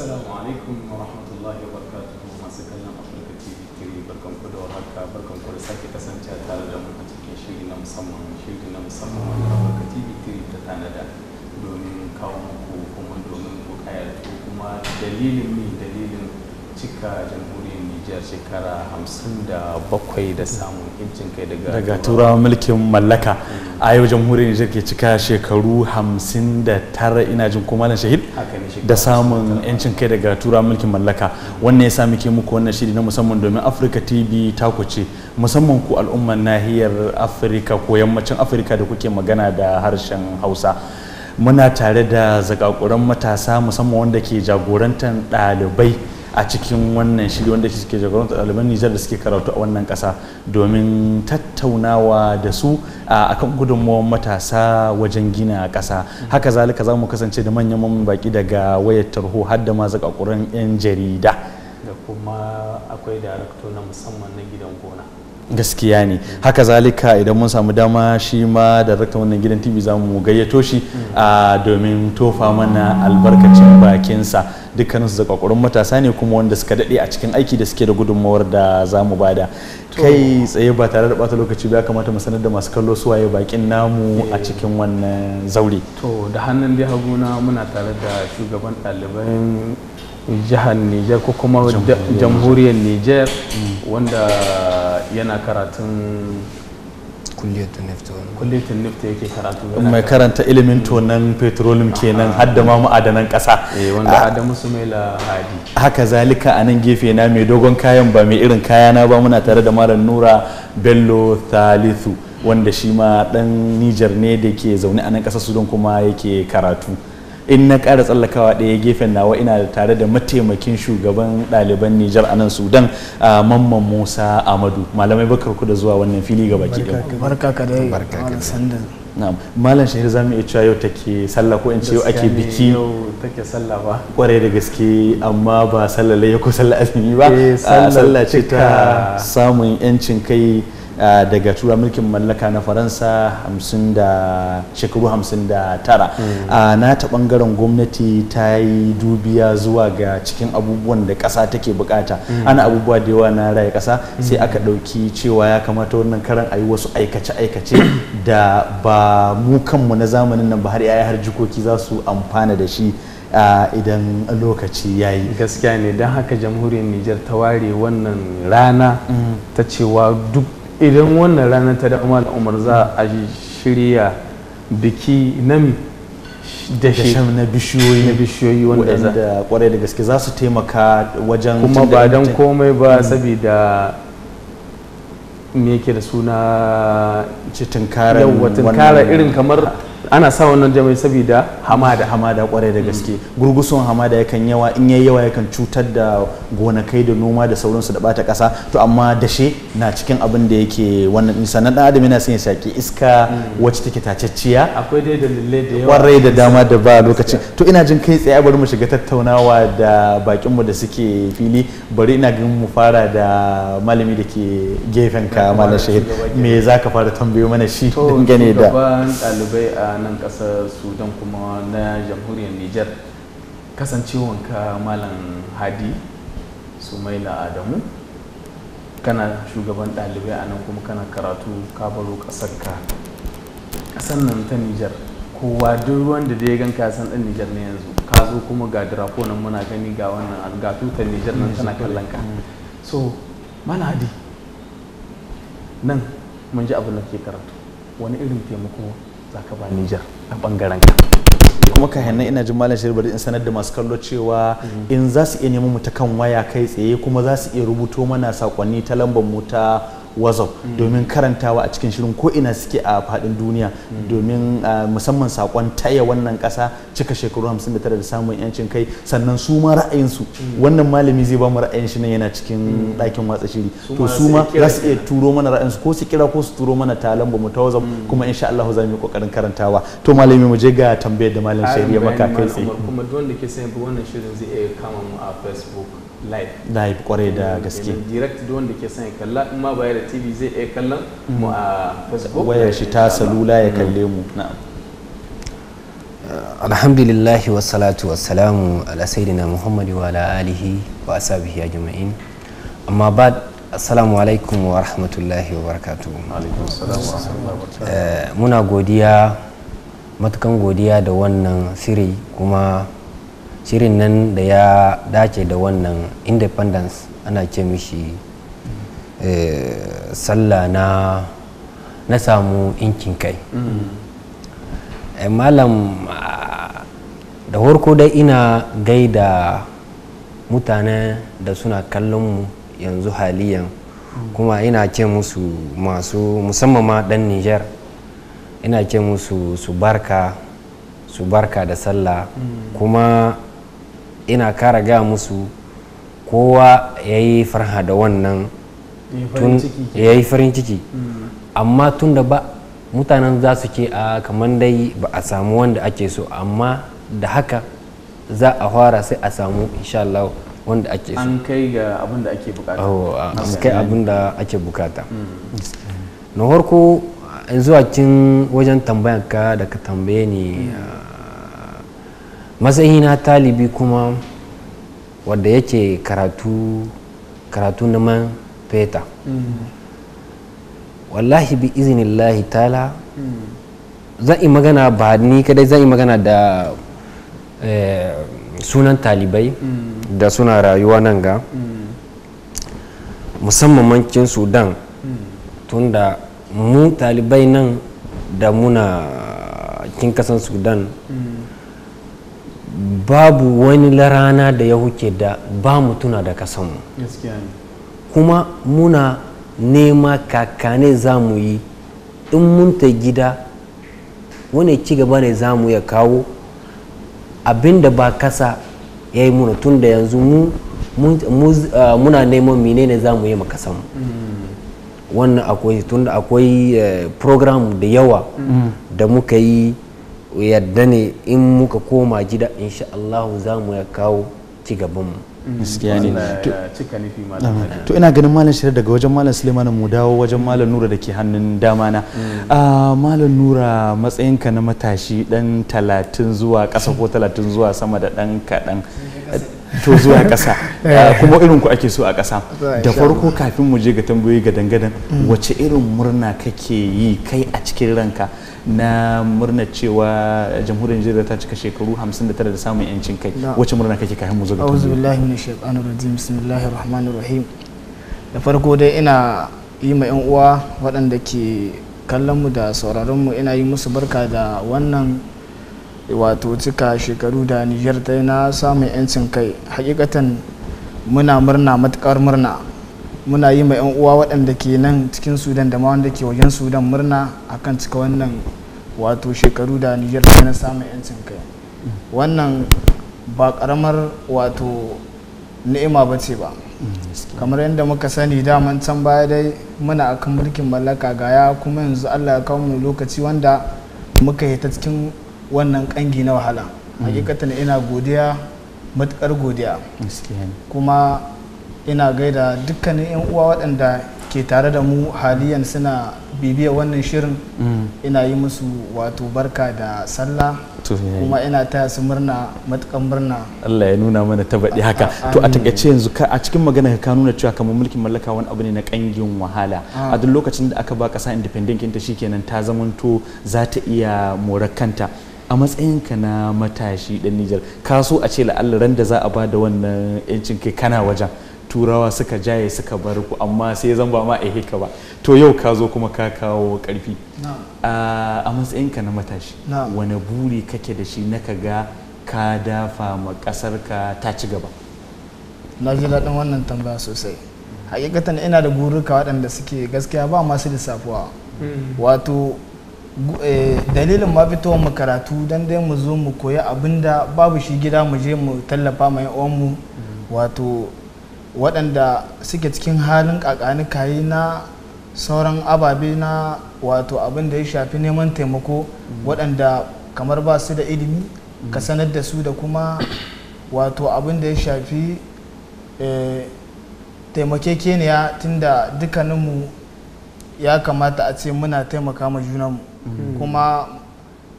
Assalamu alaikum wa rahmatullahi wa barakatuhu masu kallon Afirka TV3 barkan ku da warhaka barkan ku da sake kasance tare da mu a cikin shiri na musamman shiri na musamman wanda Afirka TV3 tanada domin kawo muku kuma domin ku kayatu kuma dalilin ne cika jamhuriyar Nijar shekara hamsin da bakwai da samun incin kai daga turawa mulkin mallaka a yau jamhuriyar Nijar ke cika shekaru hamsin da tara ina jin kuma na shahid da samun yancin kai daga turawa mulkin mallaka wannan ya sami muke muku wannan shiri na musamman domin Afirka TV ta kuce musamman ku al'ummar nahiyar Afirka ko yammacin Afirka da kuke magana da harshen Hausa. muna tare da zakakuran matasa musamman wanda ke jagorantar ɗalibai a cikin wannan shiri wanda suke jagorantar ɗaliban nijar da suke karatu a wannan ƙasa domin tattaunawa da su a kan gudunmawar matasa wajen gina kasa haka zalika za mu kasance da manyan mamun baki daga wayar tarho har da ma 'yan jarida da kuma akwai darakto na musamman na gidan gona gaskiya ne haka zalika idan mun samu dama shi ma rakta wannan gidan tv za mu gayyato shi domin tofa mana albarkacin bakinsa su da kwakwaron matasa ne kuma wanda suka dade a cikin aiki da suke da gudunmawar da zamu bada kai tsaye ba tare da bata lokaci ba kamata mu sanar da masu kallo waye bakin namu a eh. cikin wannan zaure to da hannun dai haguna muna tare da shugaban ɗaliban jihar Nijar ko kuma jamhuriyar Nijar mm. wanda yana karatun kulliyatun nifta kulliyatun nifta yake karatu mai karanta ilimin tonan petroleum kenan hadda ma ma'adanan kasa eh wanda ah. Adamu Sumaila Hadi haka zalika a nan gefe na mai dogon kayan ba mai irin kayana ba muna tare da mara Nura Bello Thalithu wanda shi ma dan nijar ne da ke zaune a nan su Sudan kuma yake karatu in na ƙara tsallakawa ɗaya gefen nawa ina tare da mataimakin shugaban ɗaliban Nijar a nan Sudan Mamman Musa Amadu malamai bakar ku da zuwa wannan fili ga baki ɗaya. Barka ka dai na'am malam shahir za mu iya cewa yau take sallah ko in ce yau ake biki take sallah ba kwarai da gaske amma ba sallah ya ko sallah azumi ba eh, sallah ce ta samun yancin kai Ah, daga tura mulkin mallaka na faransa shekaru 59 hmm. a ah, nata bangaren gwamnati ta yi dubiya zuwa ga cikin abubuwan da kasa take bukata hmm. ana abubuwa da yawa na raya kasa hmm. sai aka dauki cewa ya kamata wannan karan a yi wasu aikace-aikace da ba mu kanmu na zamanin nan ba har 'ya'ya har jikoki za su amfana da shi ah, idan lokaci ya yi gaskiya ne don haka jamhuriyar nijar ta ware wannan rana ta cewa duk idan wannan ranar ta da malam umar za a shirya biki na dashen na bishiyoyi na bishiyoyi wanda za kwarai da gaske za su taimaka wajen kuma ba don komai ba mm. saboda me yake da suna cikin tunkarar irin kamar ana sa wannan jami'ai saboda hamada hamada kwarai da mm. gaske gurgusun hamada yakan yawa in yayi yawa yakan cutar da gonakai da noma da sauransu da bata kasa to amma dashe na cikin abin da yake wannan insan sannan dan adam yana son ya saki iska mm. wacce take tacacciya akwai dai dalilai da yawa kwarai da dama da ba lokacin to ina jin kai tsaye bari mu shiga tattaunawa da bakin mu da suke fili bari ina ganin mu fara da malami da ke gefen ka malam shahid me zaka fara tambayo mana shi dangane da a nan ƙasar sudan kuma na jamhuriyar niger kasancewanka malam hadi sumaila adamu kana shugaban ɗalibai a nan kuma kana karatu kabaro baro ƙasarka nan ta niger kowa duk ruwan da ya gan kasan ɗan niger ne yanzu ka zo kuma ga drapo nan muna gani ga wannan ga tutar niger nan tana kallon ka so mana hadi nan mun ji abin da ke karatu wani irin taimako za ka ba Nijar a bangaren ka kuma ka nan ina jin malam shirbar bari in sanar da masu kallo cewa in za su iya neman mu ta kan waya kai tsaye kuma za su iya rubuto mana sakonni ta lambar mu ta whatsapp domin karantawa a cikin shirin ko ina suke a faɗin duniya domin ah, musamman sakon taya wannan ƙasa cika shekaru 59 da samun yancin kai sannan su ma ra'ayinsu wannan malami zai ba mu ra'ayin shi nan yana cikin ɗakin watsa shiri to su ma za su iya turo mana ra'ayinsu ko su kira ko su turo mana talan ba mu ta whatsapp hmm. kuma insha Allah za mu yi kokarin karantawa to malami mu je ga tambayar da malam shari'a maka kai tsaye kuma duk wanda ke son wannan shirin zai iya kama mu a facebook live live kwarai da gaske direct don da ke son ya kalla in ma baya da tv zai iya kallon mu a facebook wayar shi ta salula ya kalle mu mm. eh, alhamdulillah wa salatu wa salamu ala sayyidina Muhammad wa ala alihi wa ashabihi ajma'in amma ba assalamu alaikum wa rahmatullahi wa barakatuh eh, muna godiya matukan godiya da wannan shiri kuma shirin nan da ya dace da wannan independence ana ce mishi eh, sallah na na samu inkin kai mm. eh, malam ah, da warko dai ina gaida mutane da suna kallon mu yanzu haliyan mm. kuma ina ce musu masu musamman ma dan niger ina ce musu su su barka da sallah mm. kuma ina kara ga musu kowa ya yi farha da wannan ya yi farin ciki mm. amma tun da ba mutanen za su ke a kamar dai ba a samu wanda ake so amma da haka za a fara sai a samu Allah wanda ake so an kai ga abin da ake bukata an kai abin ake bukata mm. na farko zuwa cin wajen tambayanka da ka tambaye ni mm. ah, matsayina talibi kuma wadda yake karatu karatu na man feta wallahi bi izinillahi tala zan yi magana ba ni kadai zan yi magana da eh, sunan talibai da suna rayuwa nan ga musamman mancin sudan tunda mu talibai nan da muna kin kasan sudan babu wani larana da ya huke da ba mu tuna da kasanmu kuma muna nema kakane za mu yi in mun ta gida wani ci gaba ne za mu ya kawo abinda ba kasa ya yi muna tun da yanzu mu muna neman menene za mu yi ma kasanmu mm. wannan akwai tun da akwai eh, program da yawa mm. da muka yi yadda ne in muka koma gida insha Allah za mu ya kawo ci gaban mu to ina ganin malam shirar daga wajen malam suleiman mu dawo wajen malam nura da ke hannun dama na mm. ah, malam nura matsayinka na matashi dan talatin zuwa ƙasa ko talatin zuwa sama da dan kaɗan to zuwa ƙasa eh. ah, kuma irin ku ake so a ƙasa da farko kafin mu je ga tambayoyi ga dangadan mm. wace irin murna kake yi kai a cikin ranka na murna cewa jamhuriyar Nijar ta cika shekaru 59 da samun yancin kai wacce murna kake kayan mu ga a'udhu billahi min shaytanir rajim bismillahir rahmanir rahim da farko dai ina yi ma yan uwa waɗanda ke kallon mu da sauraron mu ina yi musu barka da wannan wato cika shekaru da Nijar ta na samun yancin kai hakikatan muna murna matukar murna muna yi ma 'yan uwa waɗanda ke nan cikin sudan da ma wanda ke wajen sudan murna akan cika wannan wato shekaru da nijar ta na samun 'yancin kai wannan ba karamar wato ni'ima ba ce ba kamar yadda muka sani daman can baya dai muna akan mulkin mallaka ga ya kuma yanzu allah ya kawo mu lokaci wanda muka yi ta cikin wannan kangi na wahala mm. hakikatan ina godiya matukar godiya kuma ina gaida dukkanin 'yan uwa waɗanda ke tare da mu haliyan suna bibiya wannan shirin mm. ina yi musu wato barka da sallah kuma ina taya su murna matukan murna Allah ya nuna mana ta baɗi haka to a takaice yanzu a cikin magana ka nuna cewa kamar mulkin mallaka wani abu ne na ƙangin wahala a duk lokacin da aka ba ƙasa independent kinta shikenan ta zamanto za ta iya morakanta a matsayin ka na matashi dan Nijar ka so a ce la'alla ran da za a ba da wannan 'yancin kai kana wajen turawa suka jaye suka bar ku amma sai zan ba ma a ka ba to yau ka zo kuma ka kawo karfi ah, a matsayinka na matashi wani buri kake da shi na ka ga ka dafa ma kasar ka ta ci gaba na ji daɗin wannan tambaya sosai hakikatan ina da guruka waɗanda suke gaskiya ba masu lissafuwa hmm. wato eh, dalilin ma fitowar mu karatu don dai mu zo mu koya abinda babu shi gida mu je mu tallafa mai uwanmu hmm. wato waɗanda suke cikin halin kayi na sauran ababe na wato abin da ya shafi neman taimako mm. waɗanda kamar ba su da ilimi ka mm. sanar da su da kuma wato abin da ya shafi eh, taimakekeniya tunda dukkaninmu ya kamata a ce muna taimaka ma junanmu mm. kuma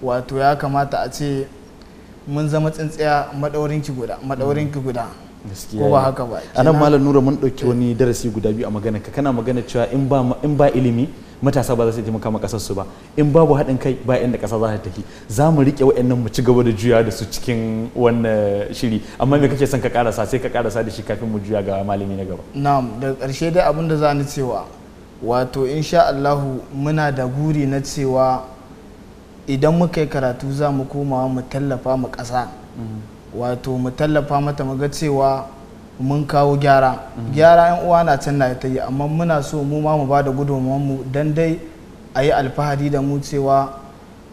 wato ya kamata a ce mun zama tsintsiya maɗaurinki guda ko ba haka ba a nan malam nura mun ɗauki wani darasi guda biyu a magana ka kana magana cewa in ba ilimi matasa ba za su taimaka ma kasar su ba in babu haɗin kai ba inda ƙasa za ta tafi za mu riƙe wa'annan mu ci gaba da juya da su cikin wannan shiri amma me kake son ka karasa sai ka karasa da shi kafin mu juya ga malami na gaba na'am da karshe dai abin da za ni cewa wato insha Allahu muna da guri na cewa idan muka yi karatu za mu koma mu tallafa mu ƙasa mm. wato mu tallafa mata mu ga cewa mun kawo gyara mhm. gyara yan uwa na can na ta yi amma muna so mu ma mu bada gudunmuwan mu dan dai a yi alfahari da mu cewa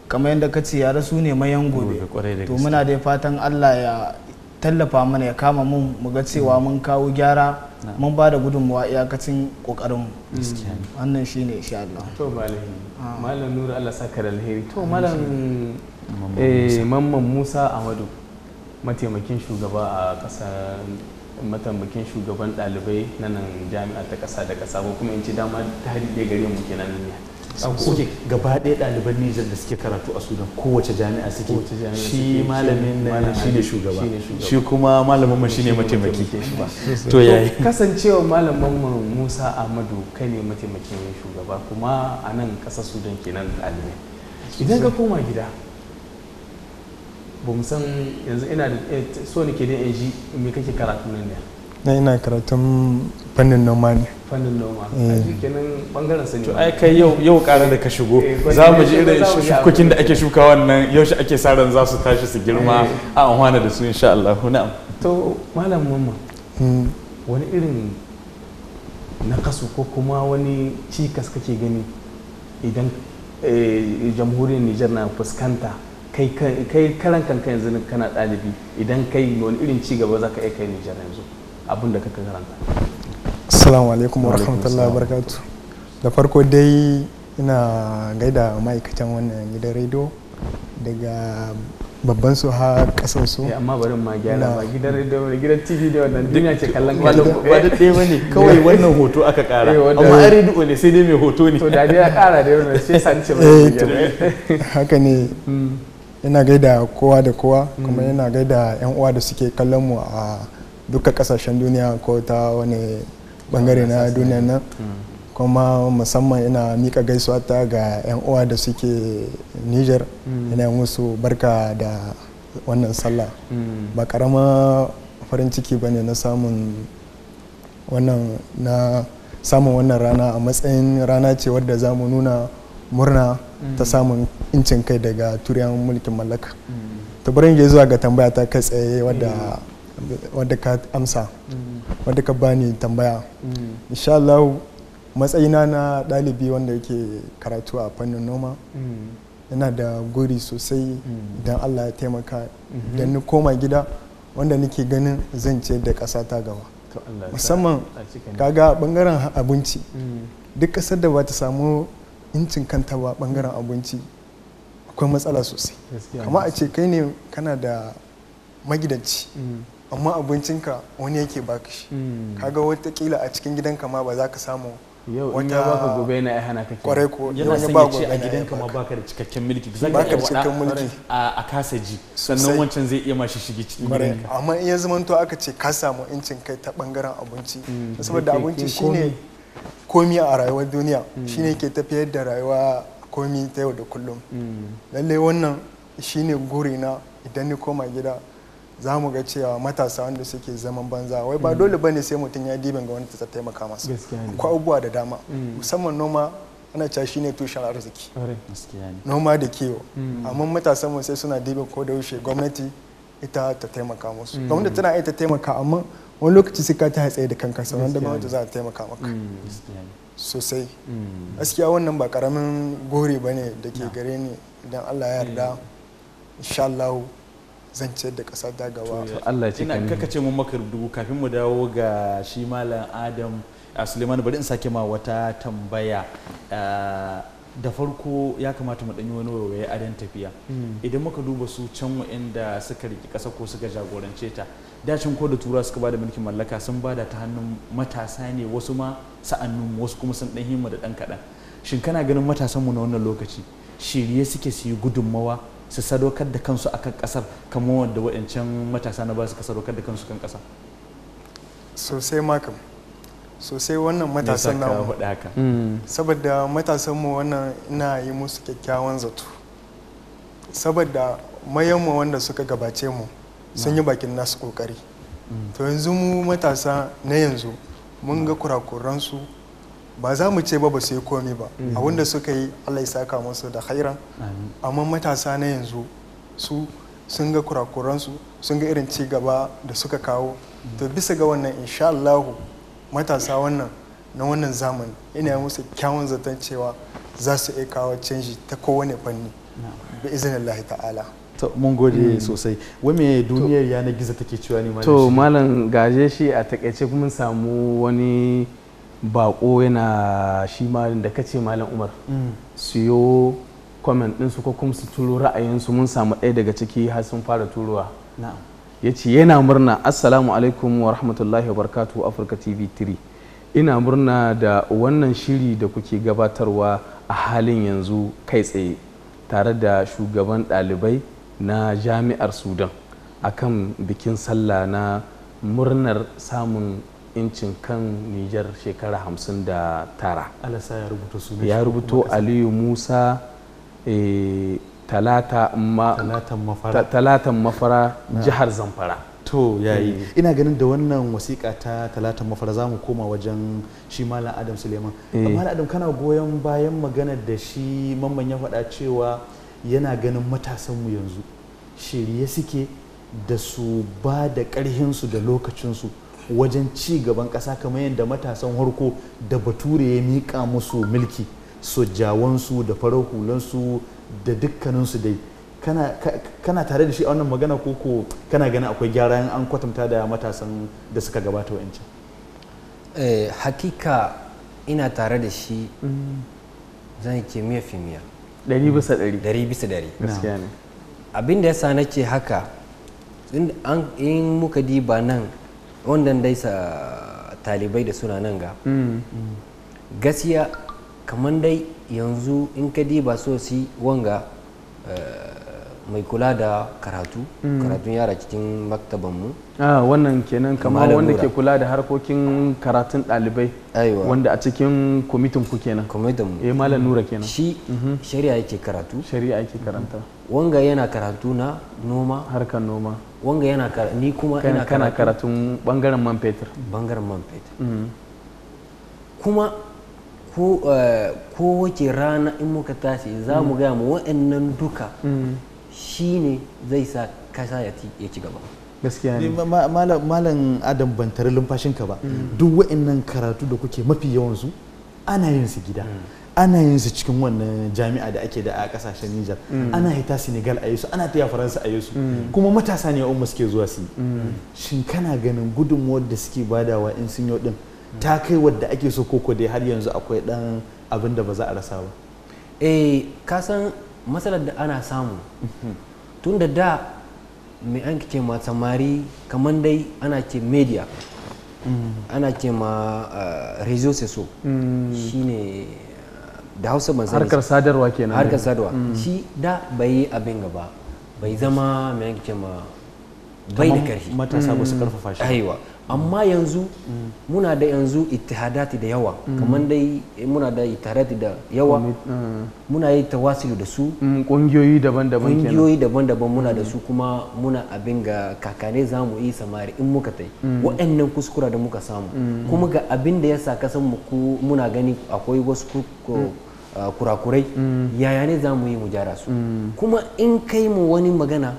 kamar yadda ka ce yara su ne mayan gobe to muna dai fatan Allah ya tallafa mana ya kama mun mu ga cewa mhm. mun kawo gyara mun ba da gudunmuwa iyakacin kokarin wannan shine insha Allah to malam ah. malam nur Allah saka da alheri to malam eh, mamman Musa Amadu mataimakin shugaba a ƙasar mataimakin shugaban ɗalibai na nan jami'a ta ƙasa da ƙasa ko kuma in ci dama ta hari ɗaya gare mu kenan ne oke gaba ɗaya ɗaliban Nijar da suke karatu a Sudan kowace jami'a suke shi malamin na shi ne shugaba shi kuma malamin mu shi ne mataimaki to yayi kasancewa malamin mu Musa Ahmadu kai ne mataimakin shugaba kuma a nan ƙasar Sudan kenan ɗalibai idan ka koma gida ba mu san yanzu ina da eh, so ke da yanzu me kake karatu nan ne na ina karatun fannin noma ne fannin noma eh. a jikinin bangaren sani to ai kai yau yau da ka shigo eh, za mu ji irin shukokin da ake shuka wannan yau shi ake sa ran za su tashi su girma a amfana da su insha Allah na'am to malam mamma hmm. wani irin na kasu ko kuma wani cikas kake gani idan jamhuriyar Nijar na fuskanta kai kai karan kanka yanzu kana ɗalibi idan kai wani irin ci gaba za ka iya kai Nijar yanzu abin da kaka karanta assalamu alaikum wa rahmatullahi wa barakatuh da farko dai ina gaida ma'aikatan wannan gidan rediyo daga babban su ha kasan su eh, amma bari ma gyara ba gidan radio ne gidan tv da wannan duniya ce kallon kallon ba da ɗaya bane kawai eh. wannan hoto aka kara eh, amma an radio ne sai dai mai hoto ne to da dai ya kara da wannan sai san ce ba haka ne hmm. yana gaida kowa da kowa mm. kuma yana gaida 'yan uwa da suke kallon mu a duka kasashen duniya ko ta wani bangare na duniya nan mm. kuma musamman ina mika gaisuwa ta ga 'yan uwa da suke niger mm. ina musu barka da wannan sallah ba karama farin ciki ba ne na samun wannan na samun wannan rana a matsayin rana ce wadda za mu nuna murna ta mm. samun incin kai daga turiyan mulkin mallaka mm. ta bari je zuwa ga tambaya ta kai tsaye wadda mm. ka amsa wadda ka bani tambaya insha Allah matsayina na ɗalibi wanda yake karatu a fannin noma yana da guri sosai idan Allah ya taimaka mm-hmm. idan ni koma gida wanda nake ganin zan ce da ƙasa ta gaba musamman kaga bangaren abinci duk ƙasar da ba ta samu incin kanta ba bangaren abinci akwai matsala sosai kama a ce kai ne kana da magidanci mm. amma abincinka wani yake baka shi mm. kaga watakila a cikin gidanka ma ba za ka samu yau in ya baka gobe na ya hana kake kwarai ko yana son ba ce a gidanka ma baka da cikakken mulki zan baka da cikakken mulki a kasa ji sannan wancan zai iya mashi shige cikin gidanka amma in ya zamanto aka ce ka samu incin kai ta bangaren abinci mm. saboda abinci shine komi a rayuwar duniya mm. shine ke tafiyar da rayuwa komi ta yau da kullum mm. lalle wannan shine guri na idan ni koma gida za mu ga cewa matasa wanda suke zaman banza wai ba mm. dole bane sai mutum ya diban ga wani ta taimaka masa akwai abubuwa da dama musamman noma ana cewa shine tushen arziki noma da kiwo amma matasa mu sai suna diban ko da yaushe gwamnati ita ta taimaka musu gwamnati tana ita taimaka amma wani lokaci sai ka ta tsaye da kanka sannan da wanda za a taimaka maka mm, sosai mm. gaskiya wannan ba karamin gore ba ne da ke gare ni idan allah ya yarda mm. insha Allah zan ciyar da ƙasa ta gaba ina kaka ce mun maka dubu kafin mu dawo ga shi malam Adam Suleiman bari in sake ma wata tambaya ah, da farko ya kamata mu ɗanyi wani a dan tafiya hmm. idan muka duba su can wa'inda suka riki ƙasa ko suka jagorance ta dacin ko da tura suka bada mulkin mallaka sun bada ta hannun matasa ne wasu ma sa'annun wasu kuma sun ɗan himma da ɗan kaɗan shin kana ganin matasan mu na wannan lokaci shirye suke su yi gudunmawa su sadaukar da kansu akan ƙasar kamar wanda wa'ancan matasa na ba su sadaukar da kansu kan ƙasa sosai makam sosai wannan matasan na mm. saboda matasan mu wannan ina yi musu kyakkyawan zato saboda mayan wanda suka gabace mu sun yi bakin nasu kokari mm. to yanzu mu matasa na yanzu mun ga kurakuransu ba za mu ce ba ba su yi komi ba mm. abinda suka yi allah ya saka musu da hairan amma matasa na yanzu su sun ga kurakuransu sun ga irin ci gaba da suka kawo to bisa ga wannan insha allahu matasa wannan na wannan zamani ina musu kyawun zaton cewa za su iya kawo canji ta kowane fanni bi izinin lahi ta'ala to mun gode hmm. sosai wame duniyar yanar gizo take cewa ne to malam gaje shi a takaice kuma samu wani bako yana shi malin da kace malam umar hmm. siyo comment ɗinsu ko kuma su turo ra'ayinsu mun samu ɗaya daga ciki har sun fara turowa ya ce yana murna assalamu alaikum wa rahmatullahi wa barkatu afirka tv 3 ina murna da wannan shiri da kuke gabatarwa a halin yanzu kai tsaye tare da shugaban ɗalibai na jami'ar sudan akan bikin sallah na murnar samun incin kan nijar shekara 59 ya rubuto aliyu musa eh, talatan mafara jihar zamfara to yayi mm. ina ganin da wannan wasiƙa ta talatan mafara za mu koma wajen shi malam adam suleiman eh. amma adam kana goyon bayan magana da shi mamman ya faɗa cewa yana ganin matasanmu yanzu shirye suke da su ba da ƙarhinsu da lokacinsu wajen ci gaban ƙasa kamar yadda matasan harko da bature ya miƙa musu mulki sojawansu da farar hulansu da dukkaninsu dai kana tare da shi a wannan magana ko ko kana gana akwai gyara an kwatanta da matasan da suka gabata wa'ancan eh, hakika ina tare da shi mm. zan ke miya fi miya dari mm. bisa dari. dari bisa dari abin da ya sa nake haka in muka diba nan wanda dai sa talibai da suna nan ga mm. gaskiya kamar dai yanzu in ka diba so si wanga eh, mai kula da karatu mm. karatun yara cikin maktabanmu ah wannan kenan kamar wanda ke kula da harkokin karatun ɗalibai wanda a cikin kwamitin ku kenan kwamitin eh malam nura kenan shi mhm. shari'a yake karatu shari'a yake karanta mhm. wanga yana karatu na noma harkar noma wanga yana karatu ni kuma ina kana karatun bangaren man fetur bangaren man fetur mhm. kuma Eh, ko wace rana in muka tashi za mu gaya mu wa'annan duka mm. Shi ne zai sa kasa ya ci gaba gaskiya ne eh, malam adam ban tare ka ba mm. duk wa'annan karatu da kuke mafi yawansu ana yin su gida mm. ana yin su cikin wannan jami'a da ake da a kasashen Nijar ana hita Senegal a su ana taya Faransa a su kuma matasa ne umma suke zuwa su shin kana ganin gudunmuwar da suke badawa in sun yau din ta kai wadda ake so koko dai har yanzu akwai dan abin da ba za a rasa ba eh ka san matsalar da ana samu mhm. tun da da mai an ce ma samari kamar dai ana ce media mhm. ana ce ma eh, resources so mhm. shine da hausa ban harkar sadarwa kenan harkar sadarwa shi da bai yi abin gaba bai zama mai an ce ma bai da karfi matasa ba su karfafa mm. shi aiwa amma yanzu muna da yanzu itihadati da yawa mm. kamar dai muna da itihadati da yawa mm. muna yi tawasilu da su kungiyoyi mm, daban-daban kungiyoyi daban-daban muna da su kuma muna abin ga kakane za mu yi samari in muka tai waɗannan kuskura da muka samu kuma ga abin da ya sa kasan mu muna gani akwai wasu kurakurai yaya ne za mu yi mu gyara su kuma in kai mu wani magana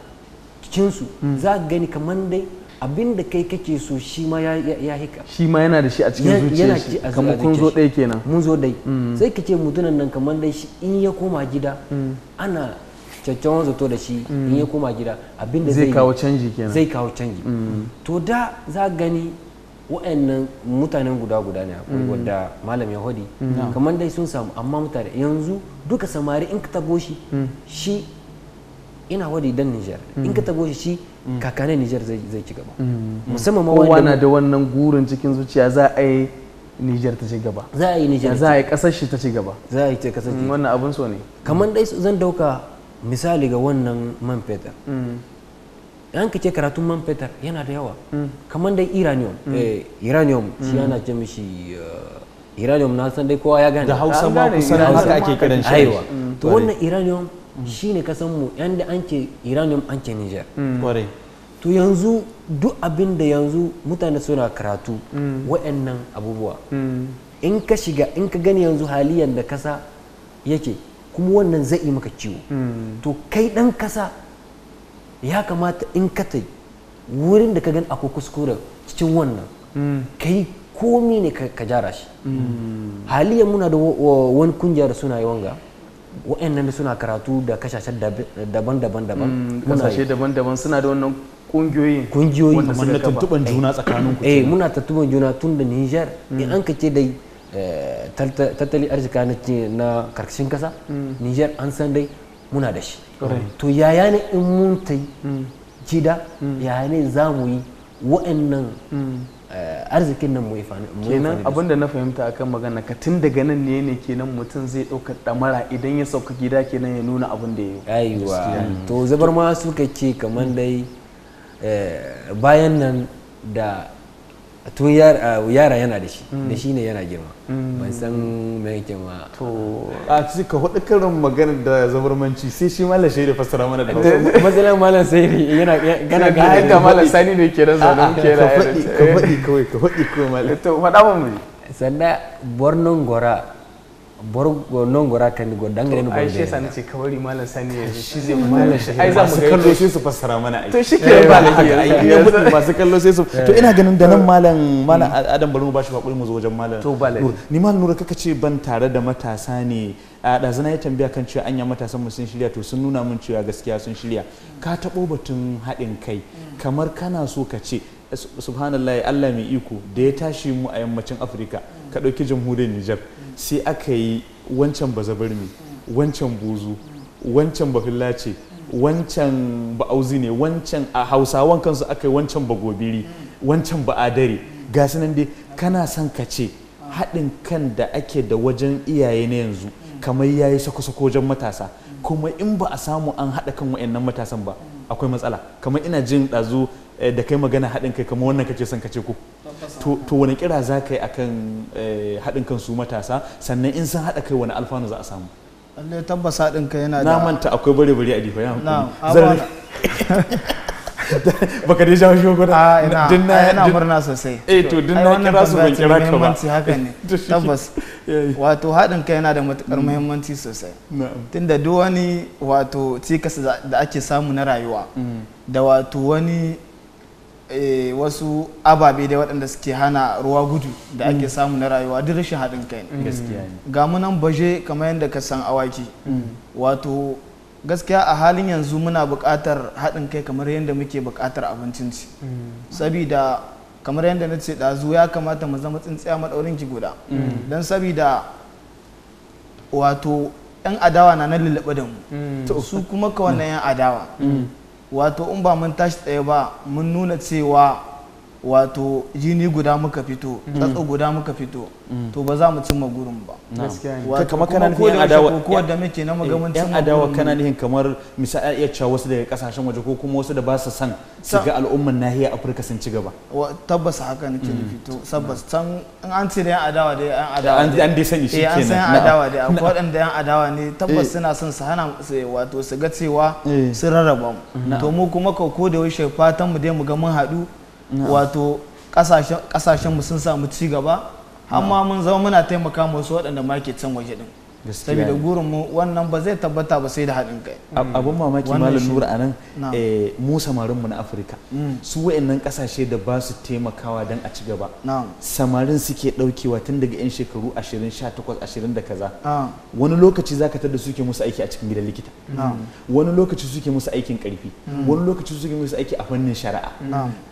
cikinsu za gani kamar dai abin da kai kake so shi ma ya hika shi ma yana da shi a cikin zuciyar shi kamar kun zo dai kenan mun zo dai mm. sai ka ce mutunan nan kamar dai shi in ya koma gida mm. ana caccawan zato da shi mm. in ya koma gida abin da zai kawo canji kenan zai kawo canji to da za gani wa'annan mutanen guda guda ne akwai wadda malam yahudi kamar dai sun samu amma mutane yanzu duka samari in ka tabo shi shi ina wadi dan Nijar in ka mm. tabo shi mm. kakanin Nijar zai ci gaba mm. musamman ma wanda na da wannan gurin cikin zuciya za a yi Nijar ta ci gaba za a yi Nijar za a yi kasar shi ta ci gaba za a yi ta kasar wannan abun so ne kaman dai zan dauka misali ga wannan man fetur an ka ce karatun man fetur yana da yawa kaman dai iranium eh, iranium shi yana ce mishi eh, iranium na san dai kowa ya gane da hausa ma kusan haka ake kiran shi to wannan iranium shine kasan mu yanda an ce iranium an ce niger mm. to yanzu duk abin da yanzu mutane suna karatu mm. waɗannan abubuwa mm. in ka shiga in ka gani yanzu haliyan da kasa yake kuma wannan zai yi maka ciwo to kai dan kasa ya kamata in ka tai wurin da ka gani akwai kuskure cikin wannan kai komi ne ka jara shi haliyan muna da wani kungiya suna yi wanga wa'annan suna karatu da kashashen daban-daban daban mm, kasashe daban-daban suna da wannan kungiyoyi kungiyoyi kamar suna tuntuban juna tsakanin ku eh muna tuntuban juna tun da Niger mm. in an kace dai eh, tattali arzika na karkashin kasa mm. Niger an san dai muna da shi to yaya ne in mun tai gida yaya ne za mu yi wa'annan Eh, arzikin nan mu fani kenan abin da na fahimta akan magana ka tun daga nan ne ne kenan mutum zai dauka ɗamara idan ya sauka gida kenan ya nuna abin da ya yi aiwa to zabar ma suka ce kamar dai eh, bayan nan da tun yara yana da shi hmm. da shi ne yana girma hmm. ban san me yake ma to a ci ka hudu karin magana da zabarmanci sai shi malam shaidi fassara mana da hausa matsalan malam shaidi yana gana ga da malam sani ne ke nan zaune ke da ka faɗi kawai ka faɗi kawai malam to faɗa mu sannan bornon gora borgo non gora kan go dangare ni gorde ai ce nace ka bari malam sani yanzu shi zai malam shi ai za mu ga kallo sai su fassara mana aiki to shi ke eh, ba lafiya masu kallo sai su eh. to ina ganin da nan eh. malam malam mm. adam bari mu bashi hakuri mu zo wajen malam to ba ni malam nura kaka ce ban tare da matasa ne a ɗazana ya tambaya kan cewa anya matasan mu sun shirya to sun nuna mun cewa gaskiya sun shirya ka taɓo batun haɗin kai mm. kamar kana so ka ce subhanallah Allah mai iko da ya tashi mu a yammacin Afirka ka mm. ɗauki jamhuriyar Nijar sai aka yi wancan bazabarmi wancan buzu wancan bafilla ce wancan ba'auzi ne wancan a hausawan kansu aka yi wancan bagobiri wancan ba'adare ga nan dai kana son ka ce haɗin kan da ake da wajen iyaye na yanzu kamar yayi sako-sako wajen matasa kuma in ba a samu an haɗa kan wa'annan matasan ba akwai matsala kamar ina jin ɗazu eh, da kai magana haɗin kai kamar wannan kace son ce ko to wani kira za ka yi a kan eh, haɗin kan su matasa sannan in sun haɗa kai wani alfanu za a samu lalle tabbas haɗin kai yana da na manta akwai bare bare a difa ya hankali baka dai jawo shogo da ah, ina murna sosai eh to din na kira su ban kira ka ba haka ne tabbas eh. wato haɗin kai yana da matukar mm. muhimmanci sosai tunda duk wani wato cikas da ake samu na rayuwa mm. da wato wani Eh, wasu ababe da waɗanda suke hana ruwa gudu da ake mm. samu na rayuwa duk rashin haɗin kai ne mm. ga munan baje kamar yadda ka san awaki mm. wato gaskiya a halin yanzu muna buƙatar haɗin kai kamar yadda muke buƙatar abincin ci sabida kamar yadda na ce ɗazu ya kamata mu zama tsintsiya maɗaurin ki guda don sabida wato 'yan adawa na nan lullube da mu su kuma ka wannan 'yan adawa wato in ba mun tashi tsaye ba mun nuna cewa wato jini guda muka fito mm. tsatsa guda muka fito mm. to ba za mu cimma gurin ba gaskiya kamar kana nufin adawa ko da muke na eh, muga mun cimma adawa kana nufin kamar misali iya cewa wasu daga kasashen waje ko kuma wasu da ba su san su ga al'umman nahiyar Afirka sun ci gaba tabbas haka nake mm. nufi to tabbas can an ce da yan adawa da yan adawa an dai sani shi kenan eh, an san adawa da akwai waɗanda yan adawa ne tabbas eh. suna son su hana wato su ga cewa su rarraba mu to mu kuma ko da yaushe fatan mu dai mu ga mun haɗu wato kasashen mu sun samu ci gaba amma mun zama muna taimaka musu waɗanda ma ke can waje din saboda gurin mu wannan ba zai tabbata ba sai da haɗin kai abin mm. mamaki malam nura a nan eh, mu samarinmu na afirka mm. su wa'annan kasashe da ba su taimakawa don a ci gaba samarin suke ɗaukewa tun daga 'yan shekaru 28 ashirin da kaza wani lokaci zaka tar da suke musu aiki a cikin gidan likita wani lokaci suke musu aikin karfi mm. wani lokaci suke musu aiki a fannin shari'a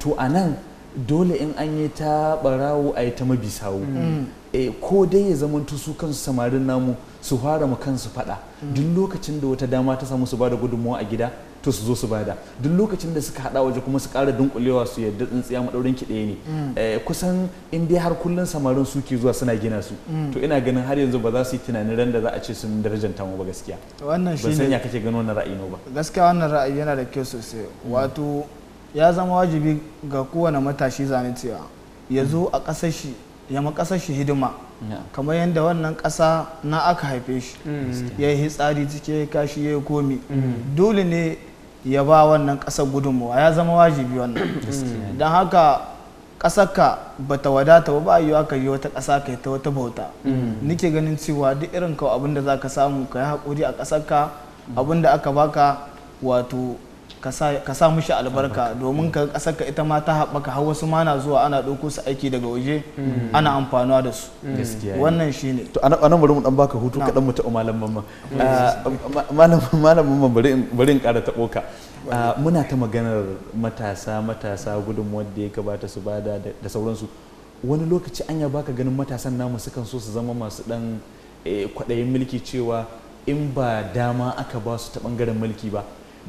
to a nan dole in an yi ta barawo a yi ta mabisawo e, ko dai ya zama su kansu samarin namu su fara mu kansu fada mm. duk lokacin da wata dama ta samu su bada gudunmawa a gida to su zo su bada duk lokacin da suka hada waje kuma su kara dunkulewa su yadda tsintsiya mu daurin ne eh, kusan in dai har kullun samarin su ke zuwa suna gina su to ina ganin har yanzu ba za su yi tunanin ran da za a ce sun darajanta mu ba gaskiya wannan shine ban sanya kake gano wannan ra'ayi ba gaskiya wannan ra'ayi yana da kyau sosai wato ya zama wajibi ga kowane matashi zane cewa ya zo a ƙasar shi ya ma ƙasar shi hidima kamar yadda wannan ƙasa na aka haife shi mm. ya yi tsari cike kashi ya yi komi mm. dole ne ya ba wannan ƙasar gudunmawa ya zama wajibi wannan don haka ka ba ta wadata ba ba yi ka yi wata ƙasa ka ta wata bauta mm. nike ganin cewa duk irin kawo abin da za ka samu ka yi haƙuri a ka abin da aka baka wato ka sa mushi albarka domin ka kasar ka ita ma ta haɓaka har wasu mana zuwa ana ɗauko su aiki daga waje hmm. ana amfanuwa da su hmm. wannan shi ne to anan bari mu dan baka hutu kaɗan mu taɓa malam mamman ah, malam mamman bari in ƙara taɓo ka ah, muna ta maganar matasa matasa gudunmuwar da ya gabata su bada da sauransu wani lokaci anya baka ganin matasan namu sukan so su zama masu ɗan eh, kwaɗayin mulki cewa in ba dama aka ba su ta ɓangaren mulki ba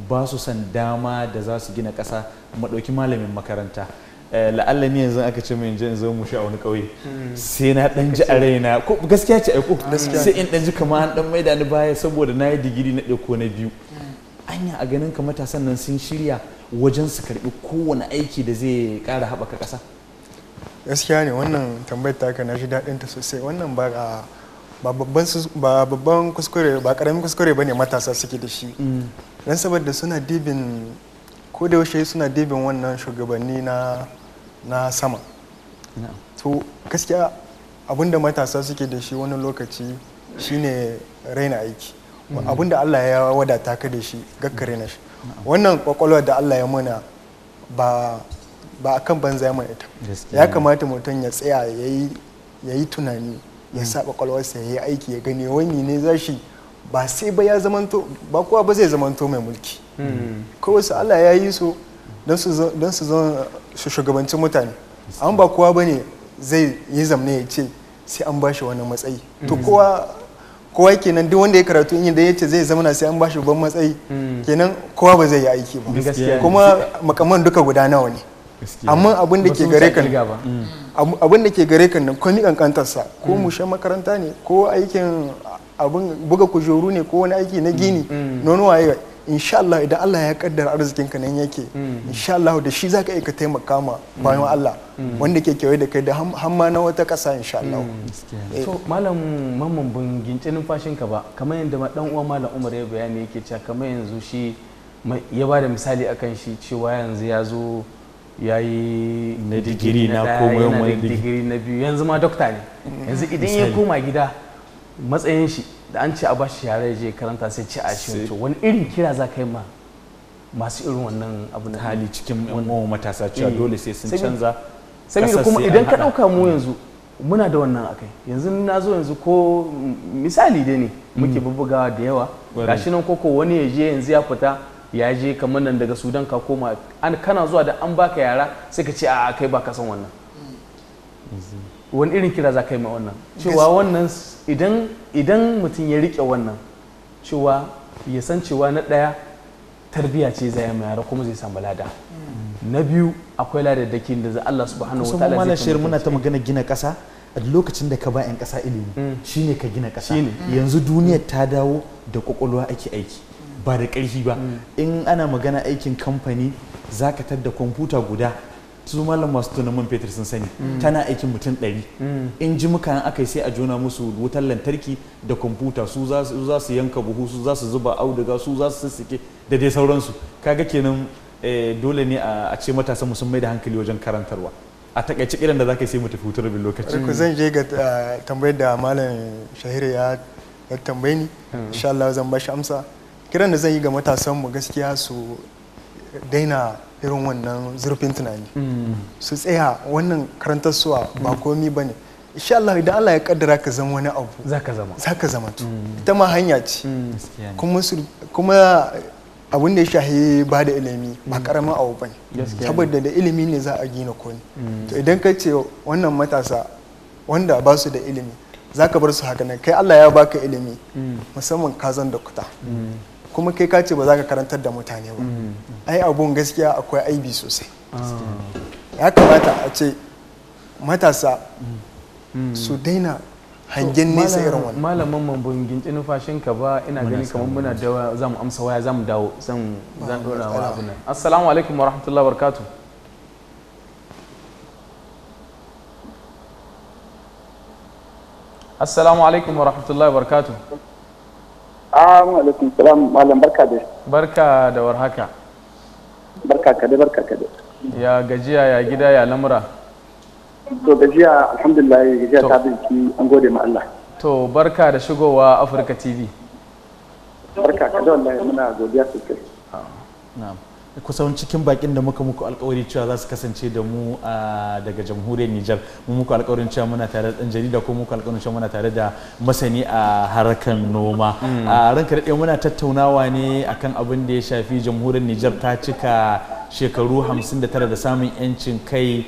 ba su san dama da za su gina ƙasa maɗauki malamin makaranta eh, la'alla ne yanzu aka ce min yanzu zo mu sha wani ƙauye sai na ɗan ji a raina ko gaskiya ce aiko ah. sai in ɗan ji kama an ɗan maida ni baya saboda na yi digiri na ɗauko na biyu anya a ganin ka matasan nan sun shirya wajen su karɓi kowane aiki da zai ƙara haɓaka ƙasa gaskiya ne wannan tambayar taka na ji daɗin ta sosai wannan ba ba babban kuskure ba ƙaramin kuskure ba ne matasa suke da shi mm. don saboda suna dibin ko da yaushe suna dibin wannan shugabanni na na sama to gaskiya abinda matasa suke da shi wani lokaci shine raina aiki mm-hmm. abinda Allah ya wadata ka da shi gakka raina shi wannan kwakwalwa da Allah ya muna ba ba akan banza mai ita ya kamata mutum ya tsaya ya yi tunani ya mm. sa kwakwalwarsa ya yi aiki ya gani wani ne zashi. ba sai ba ya zamanto ba kowa ba zai zamanto mai mulki kawai su Allah ya yi su don su zan su shugabanci mutane an ba kowa ba ne zai yi zamne ya ce sai an ba shi wani matsayi to mm. kowa kowa kenan duk wanda ya karatu in da ya ce zai zamana sai an ba shi ban matsayi mm. kenan kowa ba zai yi aiki ba kuma makaman duka guda nawa ne amma abin da ke gare kan abin da ke gare kan nan ko ni kankantarsa mm. ko mushe makaranta ne ko aikin abin buga kujeru ne ko wani aiki na gini mm, mm. nono waye insha Allah idan Allah ya kaddara arzikin ka nan yake mm. insha Allah da shi zaka iya ka taimaka ma bayan Allah wanda ke kewaye da kai da hamma na wata kasa insha Allah so eh. malam mamman bin gince numfashin ka ba kamar yadda ma dan uwa malam Umar ya bayani yake cewa kamar yanzu shi ya ba da misali akan shi cewa yanzu ya zo ya yi na digiri na komai digiri na biyu yanzu ma dokta ne yanzu idan ya koma gida matsayin shi da an ce a bashi yare je karanta sai ci a shi wani irin kira za ka yi ma masu irin wannan abu na hali cikin mawa matasa cewa eh, dole sai sun canza saboda kuma idan ka ɗauka mu yanzu muna da wannan akai yanzu na zo yanzu ko misali dai ne muke mm. bubbugawa da yawa gashi nan koko wani ya je yanzu ya fita ya je kamar nan daga sudan ka koma kana zuwa da an baka yara sai ka ce a kai ba ka san wannan wani irin kira za ka yi ma wannan cewa wannan idan mutum ya rike wannan cewa ya san cewa na ɗaya tarbiyya ce zai yi yara kuma zai samu lada hmm. na biyu akwai ladadaki da Allah subhanahu wa ta'ala zai kuma muna ta magana gina ƙasa a lokacin da ka ba 'yan ƙasa ilimi hmm. shine ka gina ƙasa hmm. yanzu duniyar ta dawo da kwakwalwa ake aiki ba da ƙarfi ba in ana magana aikin kamfani za ka tadda kwamfuta guda su malam masu tunanin fetur sun sani tana aikin mutum ɗari in ji muka aka yi sai a jona musu wutar lantarki da kwamfuta su za su yanka buhu su za su zuba auduga su za su sissike da dai sauransu kaga kenan eh, dole ne a ce matasan sun mai da hankali wajen karantarwa a takaice irin da zaka sai mu tafi wutar bin lokaci ku zan je ga ah, tambayar da malam shahir ya tambaye ni hmm. insha Allah zan bashi amsa kiran da zan yi ga matasan mu gaskiya su daina irin wannan zurfin tunani mm. su tsaya wannan karantar suwa ba komi ba ne insha Allah idan Allah ya kaddara ka zama wani abu za zama zama to mm. ita ma hanya ce mm, kuma kuma abin da ya shahi ba da ilimi ba karamin abu ba ne. saboda da ilimi ne za a gina koni to idan ka ce wannan matasa wanda ba su da ilimi za ka bar su haka nan kai Allah ya baka ilimi musamman ka zan da kuta kuma kai ka ce ba za ka karantar da mutane ba mm. ai abun gaskiya akwai aibi sosai ya kamata a ce matasa mm. su daina hangen nesa irin wani malamin man ban ginci numfashin ka ba ina gani kamar muna da za mu amsa waya za mu dawo zan zan dora wa abin nan assalamu alaikum wa rahmatullahi wa barakatuh assalamu alaikum wa rahmatullahi wa barakatuh Assalamu alaikum salam malam barka da barka da warhaka barka kade barka kade ya gajiya ya gida ya lamura to gajiya alhamdulillah ya gajiya ta binci an gode ma Allah to barka da shigowa Afirka TV barka kade wallahi muna godiya sosai ah, na'am kusan cikin bakin da muka muku alkawari cewa za su kasance da mu daga jamhuriyar Nijar mu muku alkawarin cewa muna tare da dan jarida ko muku alkawarin cewa muna tare da masani a harkan noma mm. a ranka da muna tattaunawa ne akan abin da ya shafi jamhuriyar Nijar ta cika shekaru 59 da samun 'yancin kai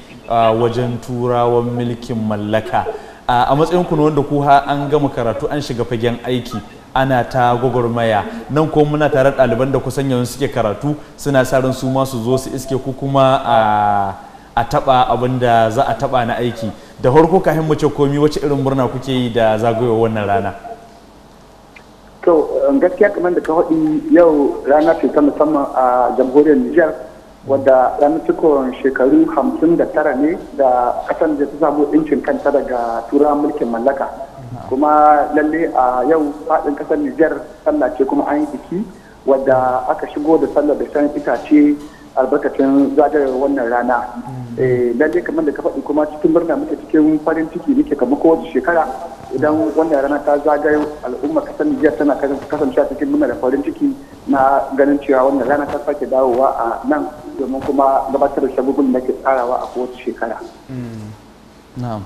wajen turawan mulkin mallaka a matsayin ku wanda ku ha an gama karatu an shiga fagen aiki ana ta gwagwarmaya nan ko muna tare ɗaliban da kusan yanzu suke karatu suna sa ran su ma su zo su iske ku kuma a taɓa abin da za a taɓa na aiki da farko kafin mu ce komi wace irin murna kuke yi da zagayowar wannan rana to um, gaskiya kamar da ka haɗi yau rana ce ta musamman a jamhuriyar Nijar wadda ranar cikon shekaru hamsin da tara ne da ƙasar da ta samu ɗincin kanta daga turawan mulkin mallaka kuma lalle a yau faɗin ƙasar Nijar sallah ce kuma an yi biki wadda aka shigo da sallah da san itace albarkacin zagayowar wannan rana mm. eh, lalle kamar da ka faɗi kuma cikin murna muke cikin farin ciki muke kamar kowace shekara idan wannan rana ta zagayo al'umma kasar Nijar tana kasancewa cikin murna da farin ciki na ganin cewa wannan rana ta sake dawowa a nan domin kuma gabatar da shagugun da ke tsarawa a kowace shekara. Mm. Na'am.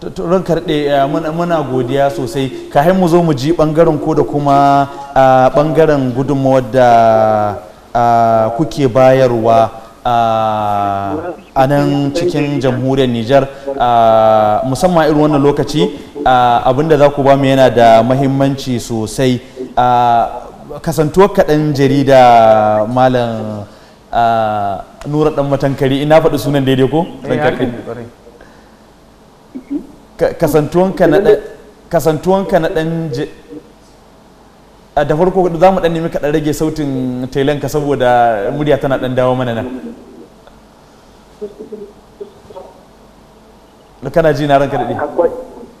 ran karɗe eh, muna godiya sosai ka mu zo mu ji ɓangaren ko da kuma ah, ɓangaren gudunmawar da ah, kuke bayarwa ah, a nan cikin jamhuriyar Nijar musamman irin wannan lokaci abinda za ku ba mu yana da mahimmanci sosai kasantuwar kaɗan jarida malam nura ɗan matankari ina faɗi sunan daidai ko? Eh, kasantuwanka na dan je a da farko za mu dan nemi ka dan rage sautin telanka saboda murya tana dan dawo mana nan da kana ji na ranka daɗi akwai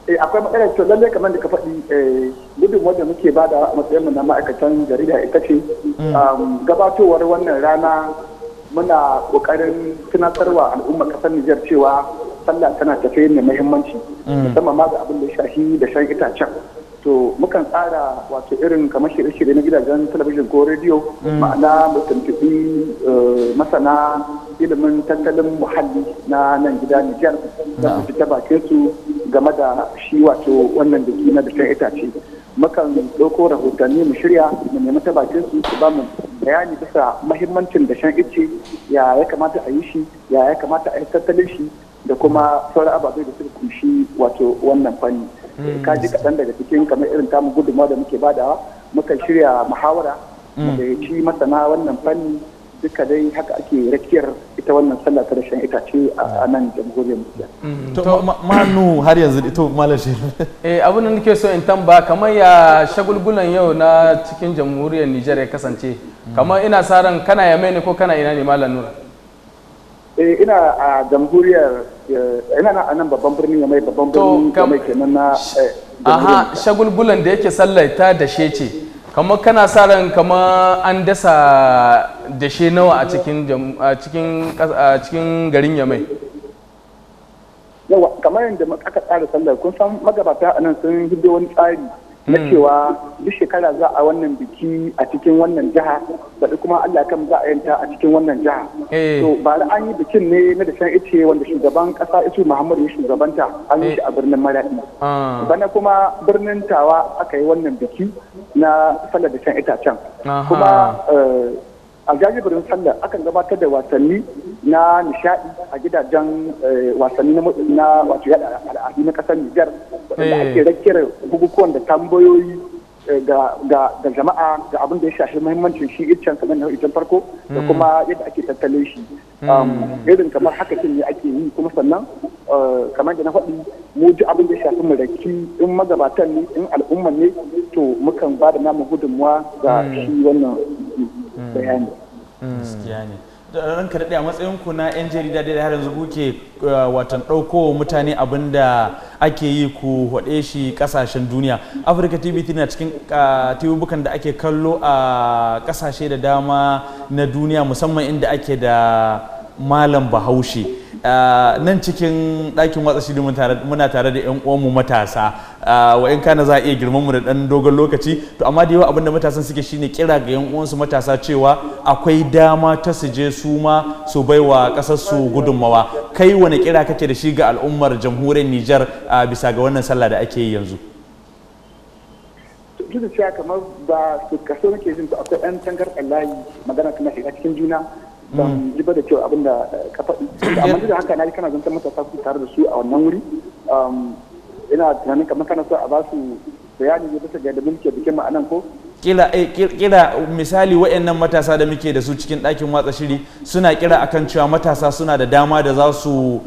eh, matsalar to lallai kamar da ka faɗi eh, gudun wadda muke ba da matsayin mu na ma'aikatan jarida ita ce mm. um, gabatowar wannan rana muna ƙoƙarin tunatarwa al'umma ƙasar Nijar cewa sallah tana tafiya mai muhimmanci mm. musamman ma ga abin da shafi da shan itacen to mukan tsara wato irin kamar shirye-shirye na gidajen talabijin ko rediyo mm. ma'ana mu tuntuɓi eh, masana ilimin tattalin muhalli na nan gida Nijar da su fita bake su game da shi wato wannan biki na da shan itace mukan ɗauko rahotanni mu shirya mu nemi ta bake su su ba mu bayani bisa muhimmancin da shan ice ya ya kamata a yi shi ya ya kamata a yi tattalin shi da kuma sauran ababe da suka kunshi wato wannan fanni hmm. ka ji kaɗan daga cikin kamar irin tamu gudunmawa da muke badawa muka shirya muhawara da hmm. ci masana wannan fanni duka dai haka ake rakiyar ita wannan sallah ta rashin itace a nan jamhuriyar Nijar. Hmm. To manu har yanzu ito malam shi. Eh abin da nake so in tamba kamar ya shagulgulan yau na cikin jamhuriyar Nijar ya kasance. Kamar ina sa ran kana yame ne ko kana ina ne malam Nura? Eh, ina a jamhuriyar eh, ina na nan babban birnin yamai babban birnin yamai kenan na eh, aha shagulgulan da yake sallar ta dashe ce kamar kana sa ran kamar an dasa dashe nawa a cikin a cikin a cikin garin yamai yawa kamar yadda aka tsara sallar kun san magabata a nan sun hidde wani tsari na hmm. cewa duk shekara za a wannan biki a cikin wannan jiha da kuma Allah kan za a yanta a cikin wannan jiha eh. to bari an yi bikin ne na da san ice wanda shugaban kasa isu Muhammadu ya shugabanta an yi a birnin Maradi ah. bana kuma birnin Tawa aka yi wannan biki na sallar da itacen kuma eh, a jajibirin sallar akan gabatar da wasanni na nishadi a gidajen eh, wasanni na wato yada al'adu na kasar Nijar wanda eh. ake rakkira bukukuwan da tambayoyi eh, ga jama'a ga abin da ya shafi muhimmancin shi iccen kamar na farko da hmm. kuma yadda ake tattalin shi hmm. irin kamar haka ne ake yi kuma sannan kamar da na faɗi mu ji abin da ya shafi raki in magabatan ne in al'umma ne to mukan ba da namu gudunmuwa ga hmm. shi wannan bayani mm. ranka daɗe a matsayin ku na 'yan jarida da har yanzu kuke uh, watan ɗauko mutane abin da ake yi ku haɗe shi ƙasashen duniya afirka tv na cikin uh, tibubukan da ake kallo a ƙasashe da dama na duniya musamman inda ake da malam bahaushe nan cikin ɗakin watsa shiri muna tare da 'yan uwanmu matasa wa in kana za a iya girman mu da ɗan dogon lokaci to amma da yawa abin da matasan suke shine kira ga 'yan uwansu matasa cewa akwai dama ta su je su ma su baiwa ƙasar su gudunmawa kai wani kira kake da shi ga al'ummar jamhuriyar Nijar bisa ga wannan sallah da ake yi yanzu duk da cewa kamar ba su kaso nake jin akwai ɗan tangar layi magana kuma shiga cikin juna don jiba da cewa abin da eh, ka faɗi amma duk da haka na ji kana zantar matasa su tare da su a wannan wuri um, ina tunanin kamar kana so a ba su bayani ne bisa ga da ke bikin ma'anan ko kila eh, kila misali waɗannan matasa da muke da su cikin ɗakin watsa shiri suna kira akan cewa matasa suna da dama da za su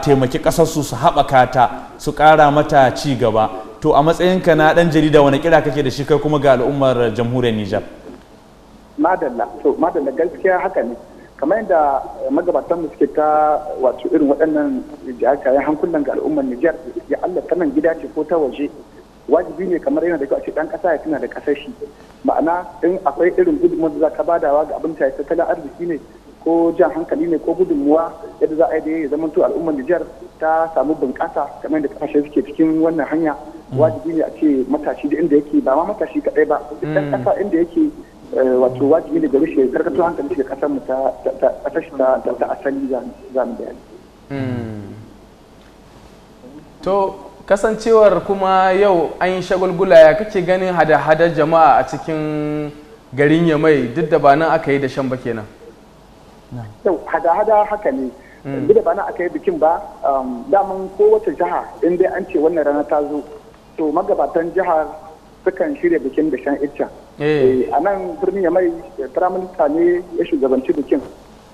taimaki ƙasarsu su haɓaka ta su ƙara mata ci gaba to a matsayinka na ɗan jarida wani kira kake da shi kai kuma ga al'ummar jamhuriyar Nijar madalla to madalla gaskiya haka ne kamar yadda magabatan mu suke ta wato irin waɗannan jihakayen hankulan ga al'ummar Nijar ya Allah ta nan gida ce ko ta waje wajibi ne kamar yana da kyau a ce dan kasa ya tuna da kasar shi ma'ana in akwai irin gudunmuwa da za ka badawa ga abin ta tattalin arziki ne ko jan hankali ne ko gudunmuwa yadda za a yi da ya zama to al'ummar Nijar ta samu bunƙasa kamar da kasashe suke cikin wannan hanya mm. wajibi ne a ce matashi da inda yake ba ma matashi kaɗai ba duk ɗan mm. ƙasa inda yake Eh, wato wajibi ne gari shi karkato hankali shi kasar mu ta ta asali mu bayani hmm. to kasancewar kuma yau an yi shagulgula ya kake ganin hada-hada jama'a a cikin garin mai, duk da ba nan aka yi da shan ba kenan yau hada-hada haka ne hmm. duk da ba nan aka yi bikin ba um, daman kowace jiha in dai an ce wannan rana ta zo to magabatan jihar sukan shirya bikin da shan iccen Eh. Eh, a nan birnin ya mai firaminista eh, ne ya shugabanci bikin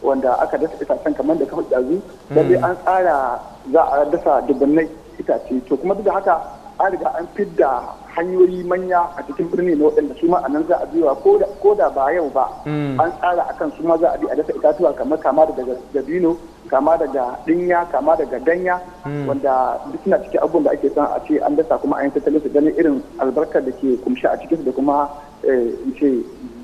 wanda aka dasa itacen kamar da kafin ɗazu dai hmm. an tsara za a dasa dubbannai itace to kuma duk da haka an riga an fidda hanyoyi manya a cikin birni na waɗanda su ma a nan za a biyowa ko da ba yau ba hmm. an tsara akan su ma za a bi a dasa itatuwa kamar kama daga dabino kama daga dinya kama daga ganya hmm. wanda duk suna cikin abubuwan da ake son a ce an dasa kuma an yi tattalin su ganin irin albarkar da ke kumshi a cikinsu da kuma Eh, ce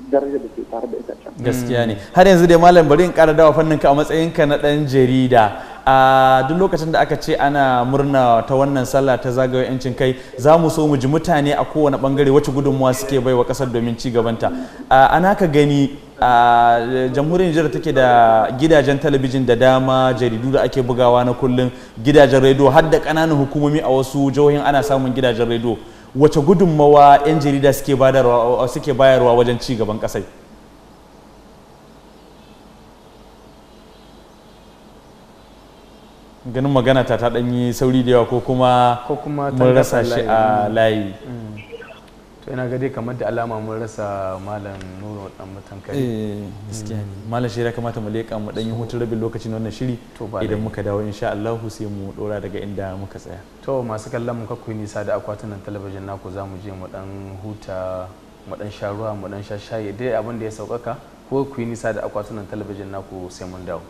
daraja da ke tare da ita Gaskiya ne. Har yanzu dai malam bari in kara dawa fannin ka a matsayin ka na ɗan jarida. A duk lokacin da aka ce ana murna ta wannan sallah ta zagayo yancin kai za mu so mu ji mutane a kowane bangare wacce gudunmuwa suke bai wa kasar domin ci gabanta. Ana ka gani a jamhuriyar Nijar take da gidajen talabijin da dama jaridu da ake bugawa na kullum gidajen rediyo har da kananan hukumomi a wasu jihohin ana samun gidajen rediyo. wace gudunmawa 'yan jarida suke bayarwa wajen ci gaban kasai ganin magana ta ta ɗanyi sauri da yawa ko kuma mun rasa shi a layi mm. to ina ga dai kamar da alama mun rasa malam nuru dan matankari eh gaskiya ne malam shi ya kamata mu leka mu dan yi hutun rabin lokacin wannan shiri idan muka dawo insha Allah sai mu dora daga inda muka tsaya to masu kallon mu kakkui nisa da akwatunan talabijin naku zamu je mu dan huta mu dan sha ruwa mu dan sha shayi dai abin da ya saukaka ko ku yi nisa da akwatunan talabijin naku sai mun dawo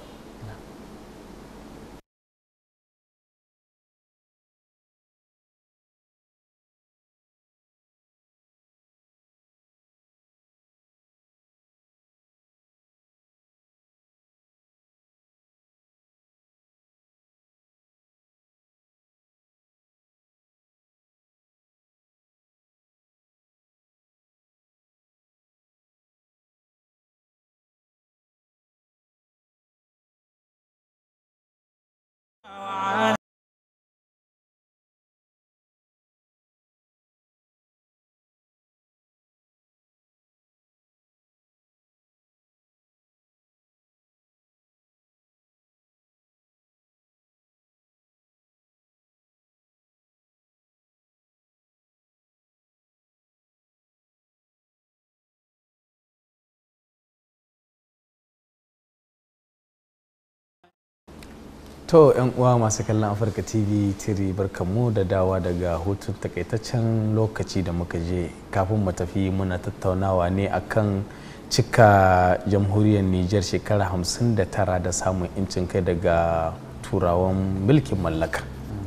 to yan uwa masu kallon afirka tv tiri barkamu da dawa daga hutun takaitaccen lokaci da muka je kafin mu tafi muna tattaunawa ne akan cika jamhuriyar niger shekara hamsin da tara da samun incin kai daga turawan mulkin mallaka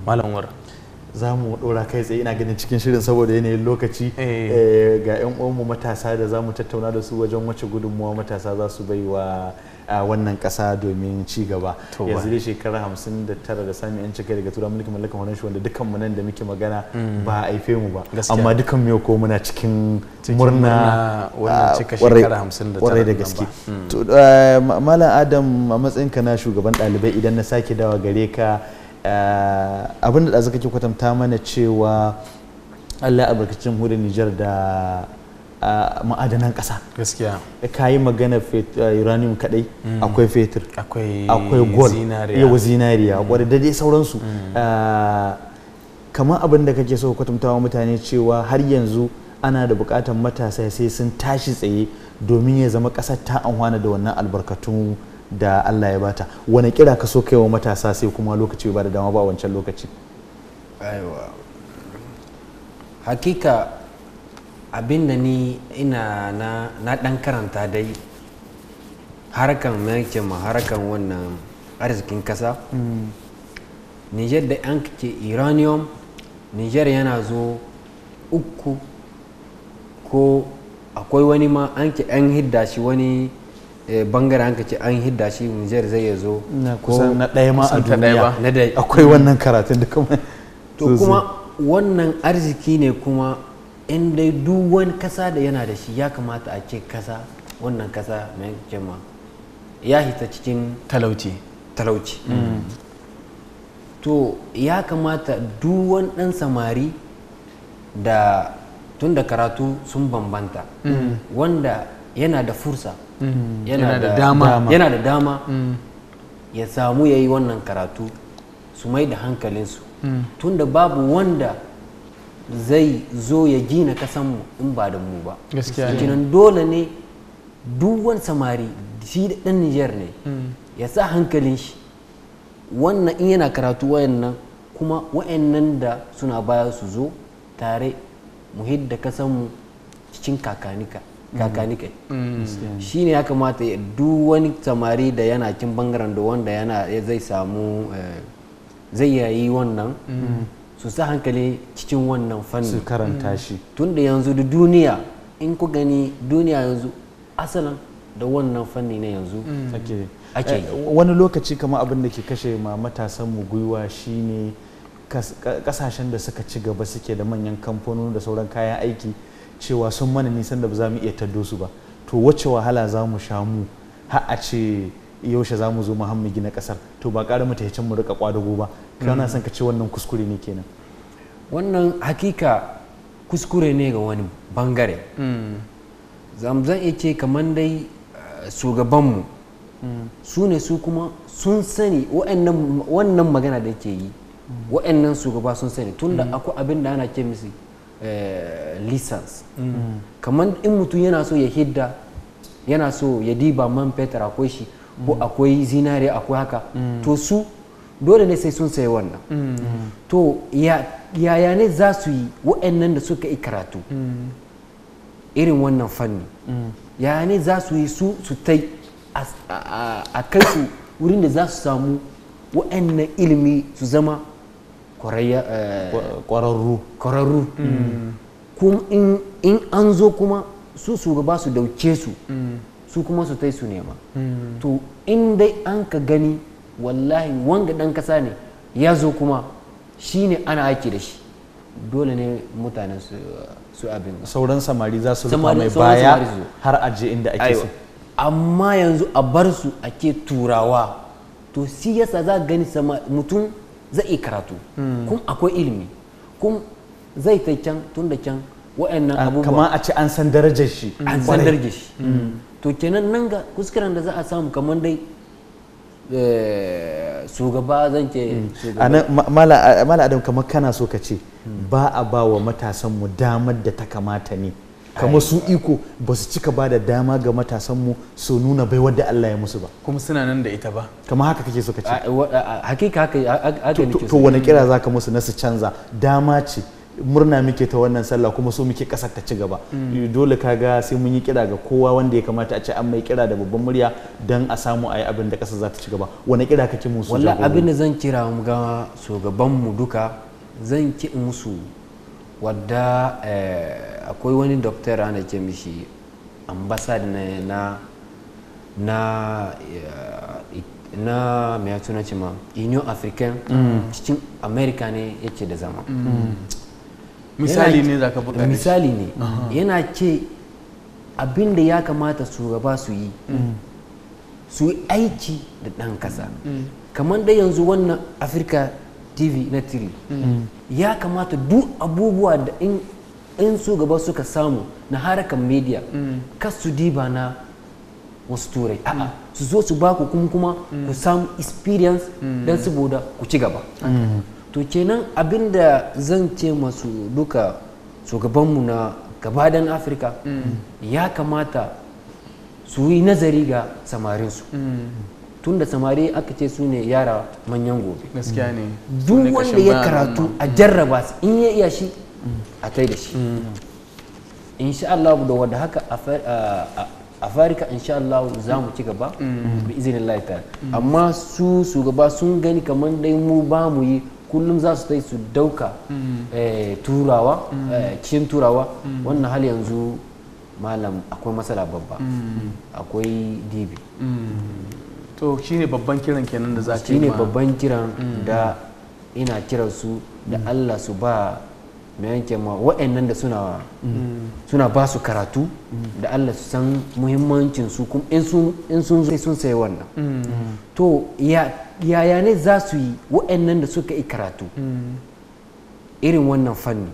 malam za mu ɗora kai tsaye ina ganin cikin shirin saboda yanayin lokaci eh. Eh, ga 'yan uwanmu matasa da za mu tattauna da su wajen wace gudunmuwa matasa za su bai wa a wannan kasa domin ci gaba yanzu dai shekara hamsin da tara da sami yan cika daga tura mulkin mallakan wannan shi wanda dukkan mu nan da muke magana mm. ba a haife mu ba amma dukkan mu ko muna cikin murna wannan cika shekara hamsin da gaske mm. malam adam a matsayin ka na shugaban ɗalibai idan na sake dawa gare ka abin da zaka ke kwatanta mana cewa allah albarkacin hudu nijar da ma'adanan ƙasa gaskiya ka yi magana uranium kadai mm. akwai fetur akwai gold yawa zinariya mm. wadda da dai sauransu mm. kamar abin da kake so kwatantawa mutane cewa har yanzu ana da bukatar matasa sai sun tashi tsaye domin ya zama ƙasar ta anhwana da wannan albarkatun da Allah ya bata wani kira ka so kai wa matasa sai kuma lokaci ba da dama ba wancan lokaci aiwa hakika abinda ni ina na na dan karanta dai harkan merke ma harkan wannan arzikin kasa mm. niger da an ke uranium niger yana zo uku ko akwai wani ma an ke an hidda shi wani eh, bangare an ce an hidda shi niger zai zo kusan na daya ma a duniya akwai wannan karatun da kuma to kuma wannan arziki ne kuma in dai duk wani kasa da yana da shi ya kamata a ce kasa wannan kasa mai jama ya hita cikin talauci talauci mm. to ya kamata duk wani dan samari da tun da karatu sun bambanta mm. wanda yana da fursa mm. yana da dama yana da dama ya samu ya yi wannan karatu su mai da hankalinsu tun da babu wanda zai zo ya gina kasan mu in ba da mu ba gaskiya dole ne duk wani samari shi da ɗan nijar ne mm. ya sa hankalin shi wannan in yana karatu wayannan kuma wayannan da suna baya su zo tare mu hidda kasan mu cikin kakanika mm. kakanika mm. shi ne ya kamata duk wani samari da yana cikin bangaren da wanda yana zai samu eh, zai yayi wannan su sa hankali cikin wannan fanni su karanta mm. shi tun da yanzu da duniya in ku gani duniya yanzu asalin da wannan fanni na yanzu mm. ake eh, eh, wani lokaci kamar abin da ke kashe ma matasan mu gwiwa shine kasashen da suka ci gaba suke da manyan kamfanoni da sauran kayan aiki cewa sun mana nisan da ba za mu iya taddo su ba to wacce wahala za mu sha mu har a ce yaushe za mu zo mu gina kasar to ba ƙara mu ta mu rika kwadago ba kana son ka ce wannan kuskure ne kenan wannan hakika kuskure ne ga wani bangare zan iya ce kaman dai eh, shugabanmu su ne su kuma sun sani wannan magana da ke yi wa'annan shugaba sun sani tunda mm. akwai abin da ana ce musu eh, lisans mm. kaman in mutum yana so ya hidda yana so ya diba man fetur akwai shi ko mm. akwai zinare akwai haka to su dole ne sai sun sayi wannan mm. to yaya ne za su yi wa'annan da suka yi karatu mm. irin wannan fanni mm. yaya ne za su yi su su tai a kai su wurin da za su samu wa'annan ilimi su zama eh, kwararru kuma in an zo kuma su su ba su dauke su su kuma su tai su nema to in dai an ka gani wallahi wanga dan kasa ne ya zo kuma shi ne ana aiki da shi dole ne mutane su abin sauran samari za su rufa mai baya har aje inda ake so amma yanzu a bar su ake turawa to si yasa za gani mutum zai iya karatu hmm. kun akwai ilimi kun zai ta can tun da can wa'annan ah, abubuwa kamar a ce an san darajar shi an san darajar shi hmm. to kenan nan ga kuskuren da za a samu kamar dai Eh, shugaba zan ke mm. mala adam kamar kana so ka ce ba a ba wa matasanmu damar da ta kamata ne kamar su iko ba su cika ba da dama ga matasanmu su nuna bai wadda Allah ya musu ba kuma suna nan da ita ba kamar haka kake so ka ce hakika haka to wani kira ka musu na su canza dama ce murna muke ta wannan sallah kuma so muke kasar ta ci gaba dole ga sai mun yi kira ga kowa wanda ya kamata a ce an mai kira da babban murya dan a samu a yi abin da kasar za ta ci gaba wani kira kake musu wala abin da zan kira mu ga shugaban mu duka zan ki musu wadda eh, akwai wani doctor ana ke mishi ambasad na na eh, na na mai ma union african mm. cikin america ne yake da zama mm. misali ne za ka buga misali ne yana ce abin da ya kamata shugaba su yi mm. su yi aiki da ɗan ƙasa mm. kamar da yanzu wannan afirka tv na tiri mm. ya kamata duk abubuwa da in su gaba suka samu na harakan media kas su diba na wasu turai a'a su zo su baku kuma kuma ku samu experience don saboda ku ci gaba to kenan abinda zan ce masu duka shugabanmu na gabadan afirka mm. ya kamata su yi nazari ga samarinsu mm. tun da samari aka ce su ne yara manyan gobe duk wanda ya karatu a jarraba su in ya iya shi a kai da shi mm. insha Allah da wadda haka a afirka insha Allah za mu ci gaba bi izinin ta amma su su gaba sun gani kamar dai mu ba mu yi kullum za su ta su dauka mm-hmm. eh, turawa mm-hmm. eh, cikin turawa mm-hmm. wannan hal yanzu malam akwai matsala babba akwai dibi to shine babban kiran kenan da za shine babban kiran da ina kiran su da allah su ba mai yanke ma wa'annan da suna suna ba su karatu da Allah su san muhimmancin su kuma in sun zai sun sayi wannan to yaya ne za su yi wa'annan da suka yi karatu irin wannan fanni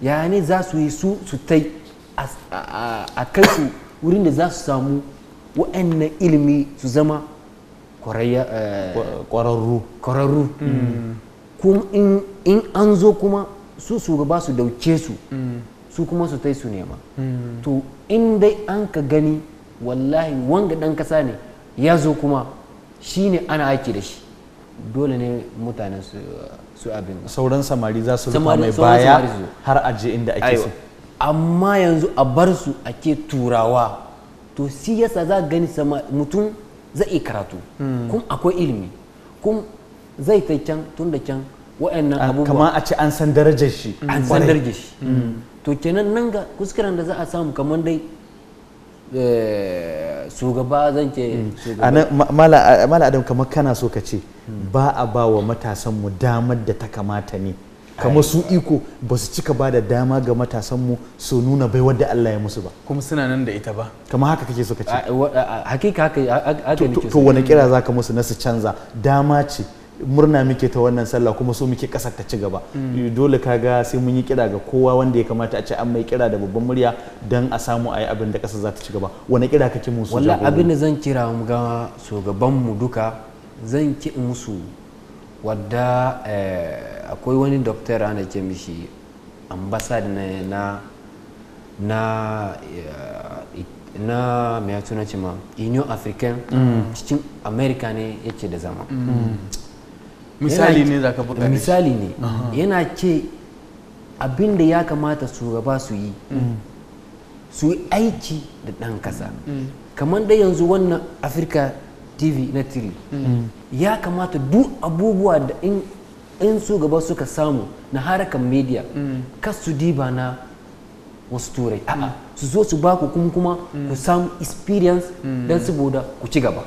yaya ne za su yi su su tai a kai su wurin da za su samu wa'annan ilimi su zama eh, kwararru kuma in an zo kuma su su ba su dauke su su kuma su tai su nema to in dai an ka gani wallahi wanga dan kasa ne ya zo kuma shi ne ana aiki da shi dole ne mutane su abin sauran samari za su rufa mai baya har aje inda ake so amma yanzu a bar su ake turawa to si yasa za gani mutum zai karatu hmm. kuma akwai ilimi kuma zai ta can tun da can wa'annan ah, abubuwa kamar a ce an san darajar shi mm. an san darajar shi mm. Mm. to kenan nan ga kuskuren da za a samu kamar dai eh, shugaba zan ce mala adam kamar kana so ka ce ba a ba wa matasanmu damar da ta kamata ne kamar su iko ba su cika ba da dama ga matasanmu su nuna bai wadda Allah ya musu ba kuma suna nan da ita ba kamar haka kake so ka ce hakika haka to wani kira za musu na su canza dama ce murna muke ta wannan sallah kuma so muke kasar ta ci gaba dole ka ga sai mun yi kira ga kowa wanda ya kamata a ce an mai kira da babban murya dan a samu ayi abin da kasar za ta ci gaba wani kira kake musu wala abin da zan kira mu ga shugaban mu duka zan ki musu wadda eh, akwai wani doktor ana ce mishi ambassad na na eh, na mai ma union african mm. cikin america ne yake da zama mm. misali ne za ka buga misali ne yana ce abin da ya kamata shugaba su yi mm. su yi aiki da ɗan ƙasa mm. kamar da yanzu wannan afirka tv na tiri mm. ya kamata duk abubuwa da in su gaba suka samu na harakan media kas su diba na wasu turai a'a su zo su baku kuma kuma ku samu experience don saboda ku ci gaba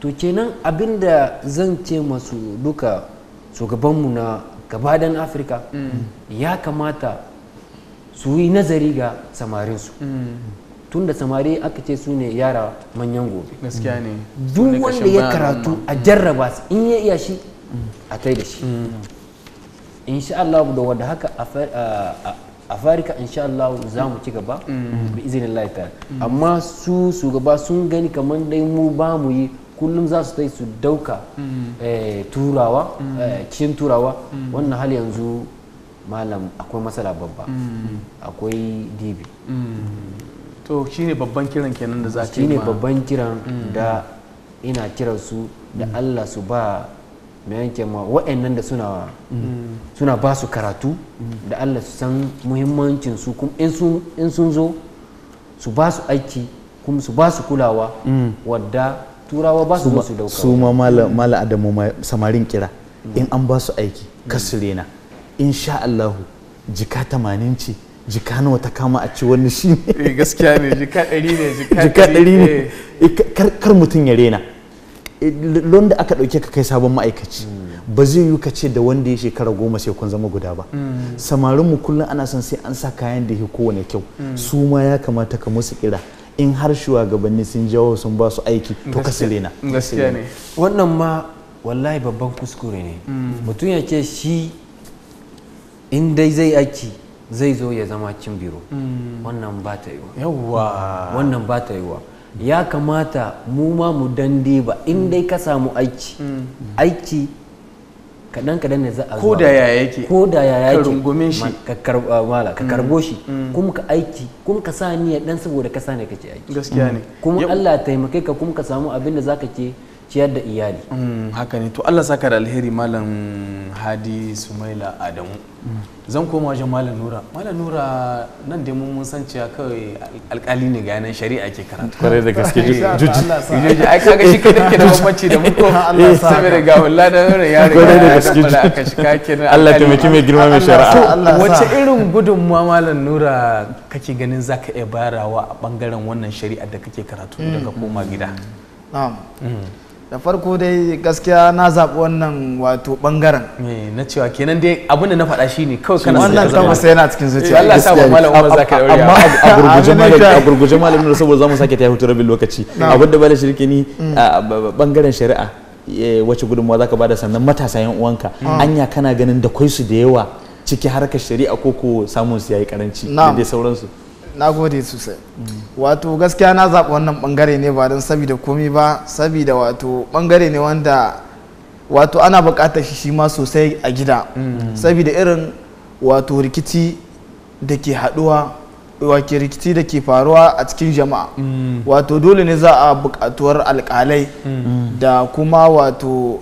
to kenan abinda zan ce masu duka shugabanmu na gabadan afirka mm. ya kamata su yi nazari ga samarinsu mm. tun da samari aka ce su ne yara manyan gobe mm. duk wanda ya karatu a jarraba su in ya iya shi a kai da shi insha Allah da wadda haka afirka insha Allah za mu ci gaba bi izinin amma su su gaba sun gani kamar dai mu ba mu yi kullum za su tai su dauka mm. eh, turawa mm. eh, cikin turawa mm. wannan hal yanzu malam akwai matsala babba akwai dibi to shine babban kiran kenan da za ta yi shine babban kiran da ina kiran su da Allah su ba mai yanke ma wa'annan da suna suna ba su karatu da Allah su san muhimmancin su in sun zo su ba su aiki kuma su ba su kulawa wadda turawa ba su su dauka su ma mala adamu samarin kira in an ba su aiki in insha Allahu jika tamanin ce jika nawa ta kama a ci wani shi ne eh, gaskiya ne jika ɗari ne jika ɗari ne eh. Eh, kar mutum ya rena londa aka ɗauke ka kai sabon ma'aikaci hmm. ba zai yi ka ce da wanda ya shekara goma sai kun zama guda ba hmm. samarinmu kullum ana son sai an sa kayan da ya kowane kyau hmm. su ma ya kamata ka musu kira in har shugabanni sun jawo sun ba su aiki to ka na wannan ma wallahi babban kuskure ne hmm. mutum ya ce shi in dai zai aiki zai zo ya zama cin biro hmm. wannan ba ta yiwa wannan ba ta yiwa ya kamata mu ma mu dande ba in dai ka samu aiki hmm. aiki Kadan kadan ne za a ko da yaya yake ko da yaya yake ka rungumin ah, mm. shi ka karbo shi kuma ka aiki kuma ka sa niyya dan saboda ka sa ne kake aiki gaskiya ne mm. kuma Allah ya taimake ka kuma ka samu abin da zaka ke ciyar da iyali mm, haka ne to Allah saka da alheri malam Hadi Sumaila Adamu mm. zan koma wajen malam Nura malam Nura nan da mun san cewa kawai alkali ne ga nan shari'a ke karatu kwarai da gaske juji ai kaga shi kai dake da mamaci da muko Allah sa saboda ga wallahi da Nura ya riga da gaske aka shiga kenan Allah ta miki mai girma mai shari'a wace irin gudunmuwa malam Nura kake ganin zaka iya bayarwa a bangaren wannan shari'a da kake karatu daga koma gida mm. na'am da farko dai gaskiya na zaɓi wannan wato ɓangaren na cewa kenan dai abinda na faɗa shi ne kawai kana wannan tabbas yana cikin zuciya Allah sa wa malam Umar zaka daure amma a gurguje malam a gurguje malam ne saboda zamu sake tayi hutu rabin lokaci abin da malam shirke ni mm. ɓangaren shari'a wace gudunmawa zaka bada sannan matasa yan uwanka mm. Mm. anya kana ganin da kai su da yawa ciki harkar shari'a ko ko samun su yayi karanci da dai sauransu na gode sosai wato gaskiya na zaɓi wannan ɓangare ne ba don sabida komi ba sabida wato ɓangare ne wanda wato ana buƙatar shi shi ma sosai a gida mm. sabida irin wato rikici da ke haɗuwa wake rikici da ke faruwa a cikin jama'a mm. wato dole ne za a buƙatuwar alƙalai mm. da kuma wato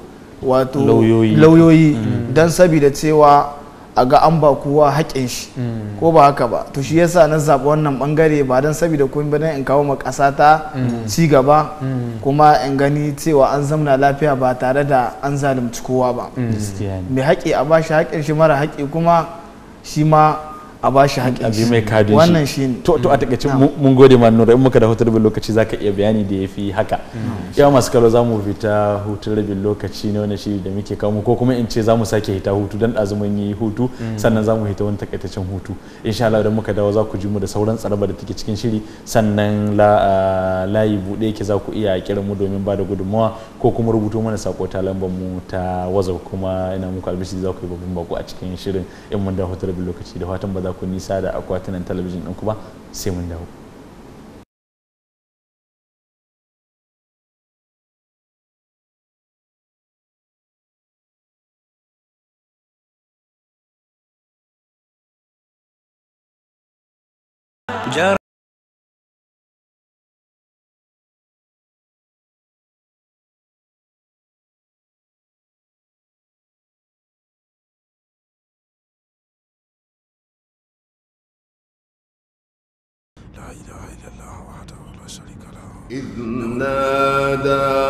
lauyoyi don sabida cewa a ga an ba kowa haƙin shi mm. ko ba haka ba to shi yasa na zaɓi wannan bangare ba don saboda kun ba in kawo ma ƙasa ta mm. ci gaba mm. kuma in gani cewa an zamna lafiya ba tare da an zalunci kowa ba mai haƙi a ba shi haƙin shi mara haƙi kuma shi ma a ba shi haƙin shi mai kadin wannan shi ne to a takaice mun gode ma nura in muka da hutun rabin lokaci zaka iya bayani da ya fi haka yawa masu kallo za mu fita hutun rabin lokaci ne wani shiri da muke kawo ko kuma in ce za mu sake hita hutu dan azumin yi hutu mm. sannan za mu hita wani takaitaccen hutu insha Allah idan muka dawo za ku ji mu da sauran tsaraba da take cikin shiri sannan layi buɗe yake za ku iya kiran mu domin ba da gudummawa ko kuma rubuto mana sako ta lambar mu ta wazau kuma ina muku albishi za ku yi babban bako a cikin shirin in mun da hutun rabin lokaci da fatan ba za kun nisa da akwatunan talabijin ɗin kuma sai mun dawo إذ نادى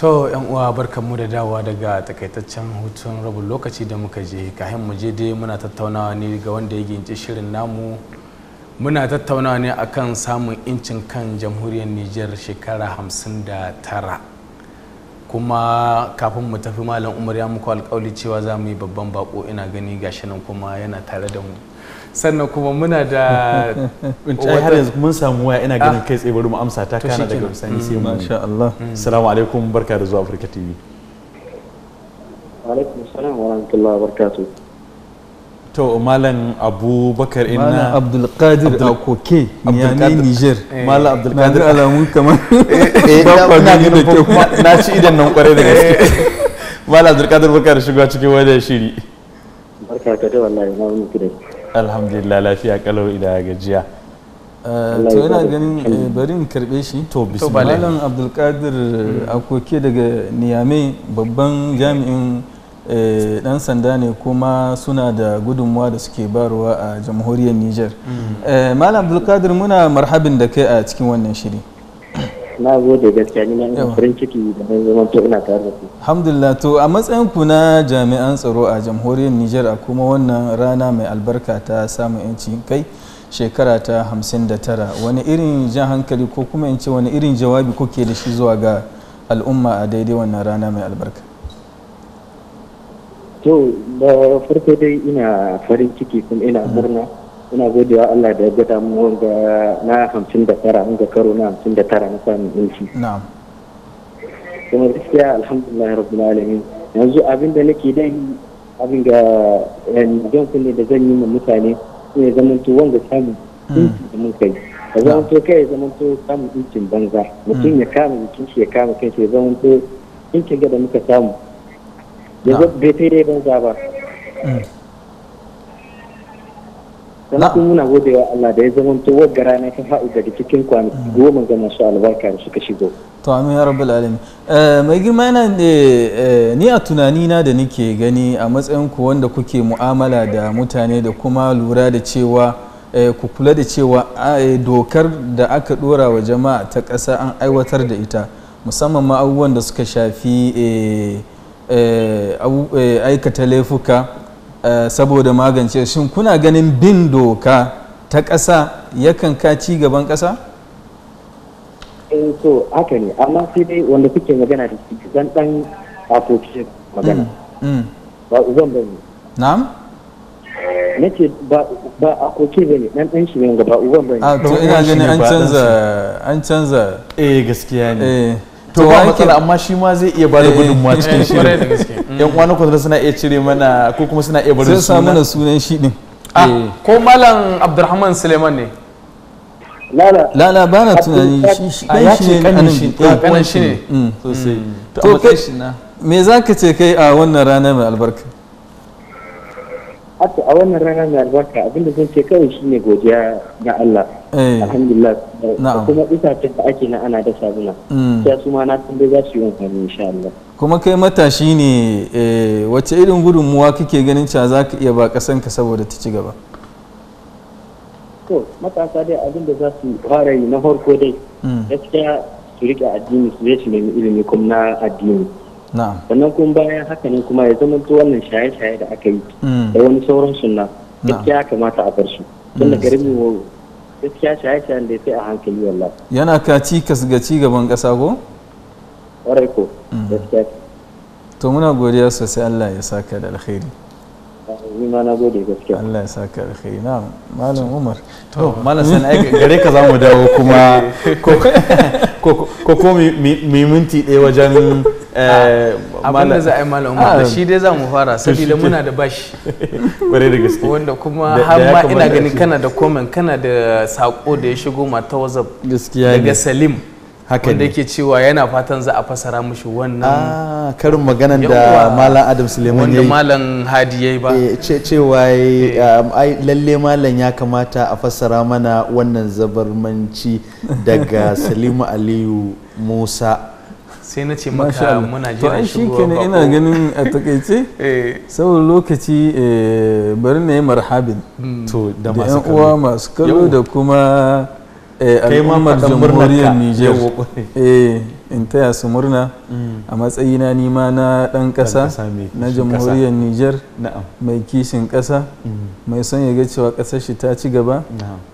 to yan uwa mu da dawa daga takaitaccen hutun rabin lokaci da muka je kahin mu je dai muna tattaunawa ne ga wanda ya ginci shirin namu muna tattaunawa ne akan samun incin kan jamhuriyar niger shekara hamsin 59 kuma kafin mu tafi malam umar ya muku alkawali cewa za mu yi babban bako ina gani gashi nan kuma yana tare da mu sannan kuma muna da har yanzu mun samu waya ina ganin ah. kai tsaye bari mu amsa ta kana daga bisani sai mu insha mm, Allah assalamu mm. alaikum barka da zuwa Africa TV alaikum assalam wa rahmatullahi wa barakatuh to malam abubakar ina malam abdulkadir a koke miami niger eh. malam abdulkadir alamu kamar eh, eh, ba da kyau na ci idan nan kwarai da gaske malam abdulkadir barka da shiga cikin wani shiri barka ka da wallahi na wani kidai alhamdulillah lafiya kalau ida gajiya eh, to yana ganin eh, bari in karbe shi to bismillah abdulkadir hmm. akoke daga niyame babban jami'in dan eh, sanda ne kuma suna da gudunmuwa da suke barwa a jamhuriyar niger hmm. malam abdulkadir muna marhabin da kai a cikin wannan shiri na gode gaskiya ni farin ciki da to ina tare alhamdulillah to a matsayin ku na jami'an tsaro a jamhuriyar Nijar a kuma wannan rana mai albarka ta samu yanci kai shekara ta 59 wani irin jan hankali ko kuma in wani irin jawabi kuke da shi zuwa ga al'umma a daidai wannan rana mai albarka to da farko dai ina farin ciki kuma ina murna ina godewa Allah da ya gada mu wanga na hamsin da tara ga karo na hamsin da tara na samun inci kuma gaskiya alhamdulillah rabbil alamin yanzu abin da nake dai abin ga yan kunne da zan yi ma mutane su ne zaman to wanda samun inci hmm. da mun kai ya zaman to kai zaman to samun incin banza mutum hmm. ya kama jikin shi ya kama kanshi ya zaman to incin ga da muka samu Yanzu bai sai dai banza ba hmm. sana kuma muna gode wa Allah da ya zama to wadda rana ka daga cikin kwanaki mm. goma ga masu albarka da suka shigo to amin ya rabbal alamin eh, mai girma yana eh, ni a tunanina da nake gani a matsayin ku wanda kuke mu'amala da mutane da kuma lura da cewa eh, ku kula da cewa dokar da aka dora wa jama'a ta ƙasa an aiwatar da ita musamman ma abubuwan da suka shafi aikata laifuka Eh, saboda magance shin kuna ganin bin doka ta ƙasa yakan ka ci gaban ƙasa? So eh, haka ne amma sai dai wanda kuke magana da shi zan dan akoci magana mm, mm. ba uban bane na'am nace ba ba akoci bane dan dan shi ne ba uban bane a to ina gani an canza an canza eh gaskiya ne eh to ba matsala amma shi ma zai iya ba eh, da gudunmuwa cikin shi yan uwan ku suna iya cire mana ko kuma suna iya barin suna sai mana sunan shi din ah, eh. ko malam abdurrahman Suleiman ne lala ba na tunani shi shi ne kanin shi ne mm, mm. sosai to kai me za ka ce kai a wannan rana mai albarka a wannan rana mai albarka abinda zan ce kawai shine godiya ga Allah Eh. alhamdulillah kuma da ake na ana da sabuna mm. ya su na tambayi za su yi amfani insha Allah kuma kai matashi ne eh, wace irin gudunmuwa kake ganin cewa za ka iya ba kasan ka saboda ta ci gaba to matasa dai abin da za su fara yi na farko dai mm. gaskiya su rike addini su zai su nemi ilimi kuma na addini sannan kuma bayan haka ne kuma ya zama wannan shaye-shaye da aka yi mm. da wani sauran sunna gaskiya kamata a bar su garin gaskiya shaye-shayen da a hankali yana ka ci ga gaban kasa ko ƙwarai ko gaskiya to muna godiya sosai Allah ya saka da alkhairi ni ma na gode gaskiya Allah ya saka alkhairi na malam Umar to malam san ai gare ka zamu dawo kuma ko ko mi minti ɗaya wajen Eh, abin za a yi malam da shi dai za mu fara saboda muna da bashi wanda kuma har ma ina ganin kana da komen kana da sako da ya shigo mata wazab daga salim haka wanda yake cewa yana fatan za a fasara mushi wannan ah, karin maganan da malam adam suleiman ya yi malam hadi ya yi ba eh, cewa eh. lalle malam ya kamata a fasara mana wannan zabarmanci daga salimu aliyu musa sai na ce maka muna jiran shigowa bako ina ganin a takaice eh. saboda lokaci eh, bari na yi marhabin hmm. to da masu uwa masu kallo da kuma eh, al'ummar jamhuriyar niger in taya su murna mm. a matsayina nima na ɗan ƙasa na jamhuriyar niger mai kishin ƙasa mm. mai son ya ga cewa ƙasar shi ta ci gaba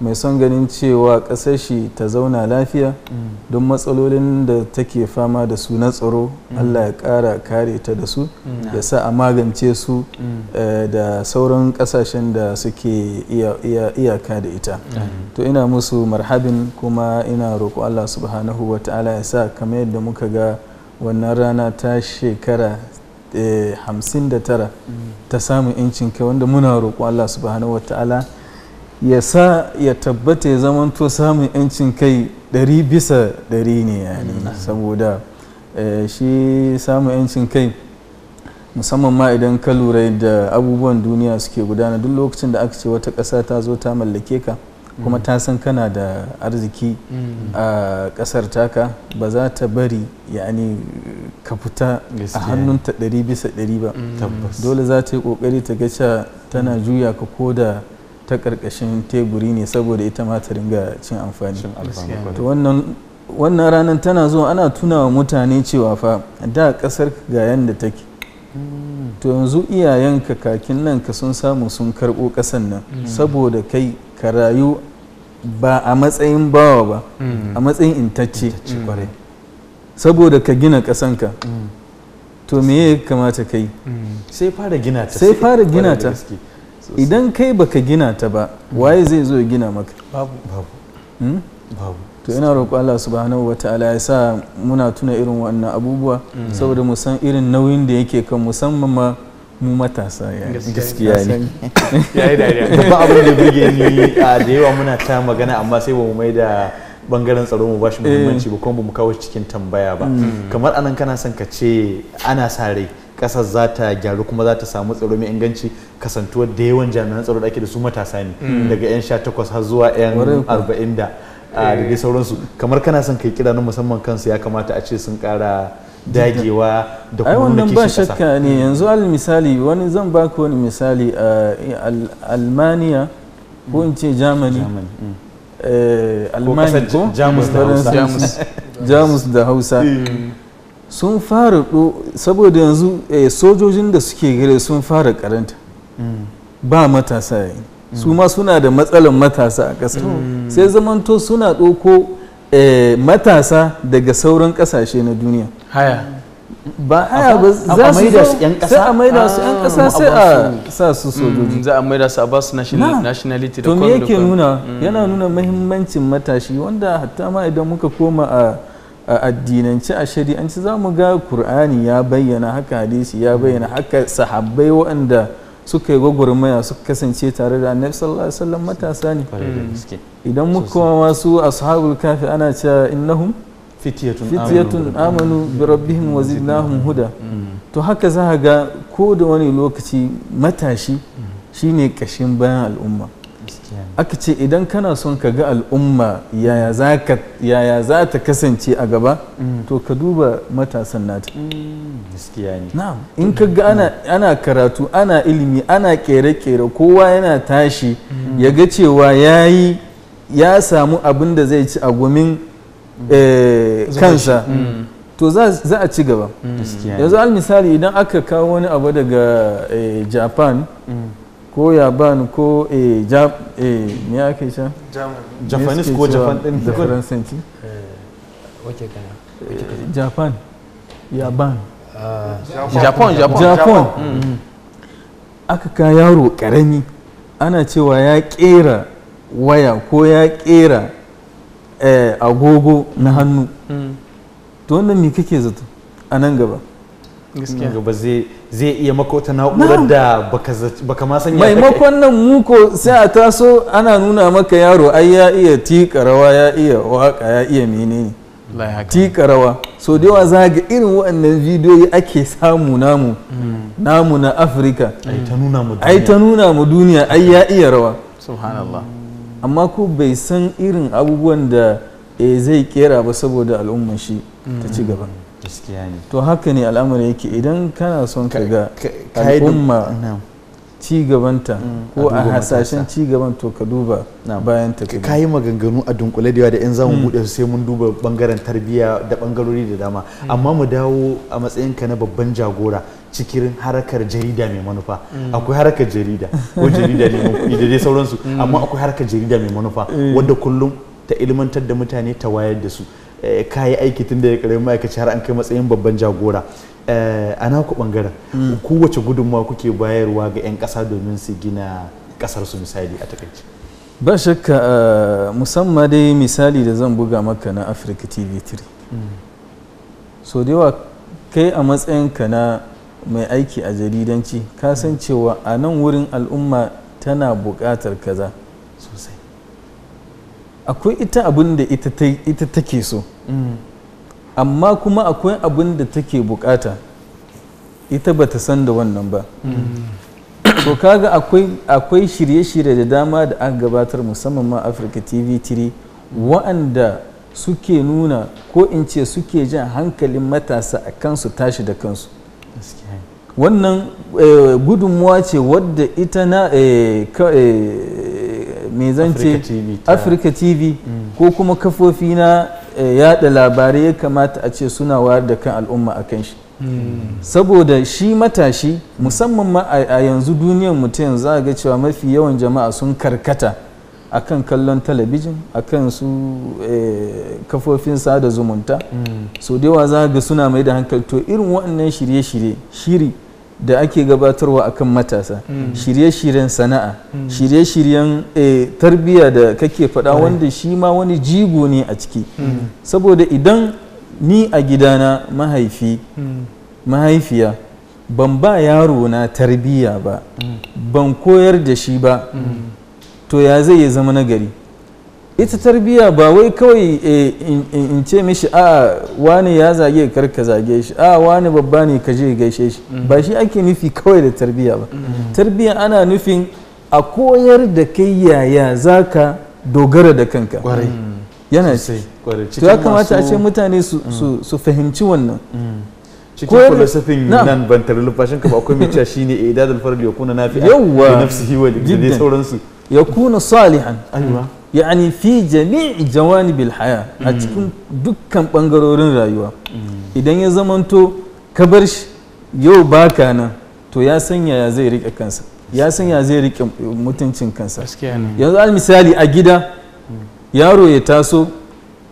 mai son ganin cewa ƙasar shi ta zauna lafiya mm. don matsalolin da take fama da su na tsaro allah ya ƙara kare ta da su ya sa a magance su eh, da sauran ƙasashen da suke iyaka da ita to ina musu marhabin kuma ina roƙo allah subhanahu wa ta'ala ya sa kamar yadda muka ga wannan rana ta shekara 59 eh, ta samun incin kai wanda muna roƙo Allah subhanahu wa ta'ala ya sa ya tabbata ya zamanto samun yancin kai ɗari bisa ɗari ne yani saboda eh, shi samun yancin kai musamman ma idan ka lura da abubuwan duniya suke gudana duk lokacin da aka ce wata ƙasa ta zo ta mallake ka kuma ta san kana da arziki a kasar taka ba za ta bari yani ka fita a hannunta ɗari bisa ɗari ba mm. dole za ta yi ƙoƙari ta gaca tana mm. juya ka koda ta ƙarƙashin teburi ne saboda ita ma ta ringa cin amfani wannan ranar tana zuwa ana tuna wa mutane cewa fa da ƙasar ga yadda take mm. to yanzu iyayenka kakin nan ka sun samu sun karɓo ƙasan nan saboda kai ka rayu ba a matsayin bawa ba hmm. a matsayin intacce hmm. saboda ka gina ƙasanka hmm. to me ya kamata ka yi sai fara gina ta sai fara gina ta idan kai baka gina ta ba waye zai zo gina maka babu babu babu to ina roƙo Allah subhanahu wataala ya sa muna tuna irin wannan abubuwa saboda mu san irin nauyin da yake kan musamman ma mu matasa ya gaskiya ne yayi dariya abin da burge ni da yawa muna ta magana amma sai ba mu mai da bangaren tsaro mu bashi eh. muhimmanci ba kuma mu kawo cikin tambaya ba mm. kamar anan kana son ka ce ana sa rai kasar za ta gyaru kuma za ta samu tsaro mai inganci kasantuwar da yawan jami'an tsaro da ake da su matasa ne mm. daga yan takwas har zuwa yan 40 da da dai eh. sauransu kamar kana son ka kira na musamman kansu ya kamata a ce sun kara dagewa da kuma na wannan ba shakka ne hmm. yanzu al misali wani zan baka wani misali eh, a almaniya ko in ce germany hmm. eh, almani ko jamus da hausa hmm. sun fara saboda yanzu eh, sojojin da suke gare sun fara karanta ba matasa yayi su ma suna da matsalan matasa a ƙasa sai zamanto suna ɗauko Eh, matasa daga sauran kasashe na duniya haya ba haya ba za su sai a maida su yan kasa ah, sai a sa su sojoji mm, za a maida su a ba su nationality da me yake nuna mm. yana nuna mahimmancin matashi wanda hatta ma idan muka koma a addinance a shari'anci za mu ga kur'ani ya bayyana haka hadisi ya bayyana haka sahabbai waɗanda suka yi gwagwarmaya suka kasance tare da annabi sallallahu alaihi wasallam matasa ne idan muka wasu ashabul kafi ana cewa innahum fitiyatun amanu bi rabbihim wa zidnahum huda mm. to haka za ga ko da wani lokaci matashi mm. shine kashin bayan al'umma aka ce idan kana son ka ga al'umma yaya za ta kasance a gaba mm. to ka duba matasan nata mm. in ka ga ana karatu ana ilimi ana kere-kere kowa yana tashi mm. ya ga cewa ya yi ya samu abin da zai ci a gumin eh, kansa to za a ci gaba yanzu al misali idan aka kawo wani abu daga eh, japan ko yaban ko ni eh, eh, ake japanese ko japan din da faransanci eh, wace kana japan yaban ah, japan japan mm-hmm. aka ka yaro karami ana cewa ya kera waya ko ya kera agogo na hannu mm. to wannan me kake zato a nan gaba gaba zai iya mako ta na'urar da baka ma sanya maimakon nan muko sai a taso ana nuna maka yaro ai ya iya tika rawa ya iya waka ya iya menene tika rawa so da yawa za ga irin waɗannan bidiyoyi ake samu namu mm. namu na afirka ai ta nuna mu duniya ai ya iya rawa amma ko bai san irin abubuwan da eh, zai kera ba saboda al'umman shi ta mm. ci gaba gaskiya ne to haka ne al'amari yake idan kana son ka ga al'umma ci gabanta mm, ko a hasashen ci to ka duba bayan ta ka yi maganganu a dunkule da yawa da 'yan zamu mm. bude su sai mun duba bangaren tarbiyya da bangarori da dama mm. amma mu dawo a matsayinka na babban jagora cikin harkar jarida mai manufa akwai harkar jarida ko jarida ne da dai sauransu amma akwai harkar jarida mai manufa wadda kullum ta ilmantar da mutane ta wayar da su Eh, kayi aiki tun da ya karamin ma'aikaci har an kai matsayin babban jagora eh, a naku bangaren hmm. kowace gudunmawa kuke bayarwa ga 'yan ƙasa domin su gina kasar su misali a takaici ba shakka eh, musamman dai misali da zan buga maka na africa tv 3 hmm. so da yawa kai a matsayin ka na mai aiki a jaridanci ka san hmm. cewa a nan wurin al'umma tana buƙatar kaza akwai ita abin da ita take so mm. amma kuma akwai abin da take bukata ita ba ta san da wannan ba mm. to kaga akwai shirye-shirye da dama da aka gabatar musamman ma afirka tv 3 wa'anda suke nuna ko in ce suke jan hankalin matasa a kansu tashi da kansu wannan eh, gudunmuwa ce wadda ita na eh, eh, mai zance afirka tv ko kuma kafofi na eh, yada labarai ya kamata a ce suna wayar da kan al'umma a kan shi saboda shi matashi musamman ma a yanzu duniyar mutum yanzu za ga cewa mafi yawan jama'a sun karkata a kan kallon talabijin akan su eh, kafofin sada zumunta mm. so da yawa za ga suna mai da hankali to irin waɗannan shirye-shirye shiri da ake gabatarwa akan matasa mm. shirye-shiryen sana'a mm. shirye-shiryen eh, tarbiyya da kake faɗa wanda shi ma wani jigo ne a ciki mm. saboda idan ni a gidana mahaifi mahaifiya ban ba yaro na tarbiyya ba ban koyar da shi ba to ya zai ya zama nagari ita tarbiyya ba wai kawai eh, in ce mishi a wani ya zage kar ka zage shi a wani babba ne ka je gaishe shi mm-hmm. ba shi ake nufi kawai da tarbiyya ba mm-hmm. tarbiyya ana nufin a koyar da kai yaya ka dogara da kanka mm. yana ce to ya kamata a ce mutane su mm. fahimci wannan mm. cikin filosofin nan ban tare lufashin ka ba akwai mai cewa shine idadul farli yakuna nafi'a bi nafsihi wa da sauransu yakuna salihan yani fi jami'i bil haya a hmm. cikin dukkan bangarorin rayuwa idan ya zamanto ka bar shi yau baka nan to ya sanya ya zai rike kansa ya sanya zai rike mutuncin kansa yanzu al misali a gida hmm. yaro ya taso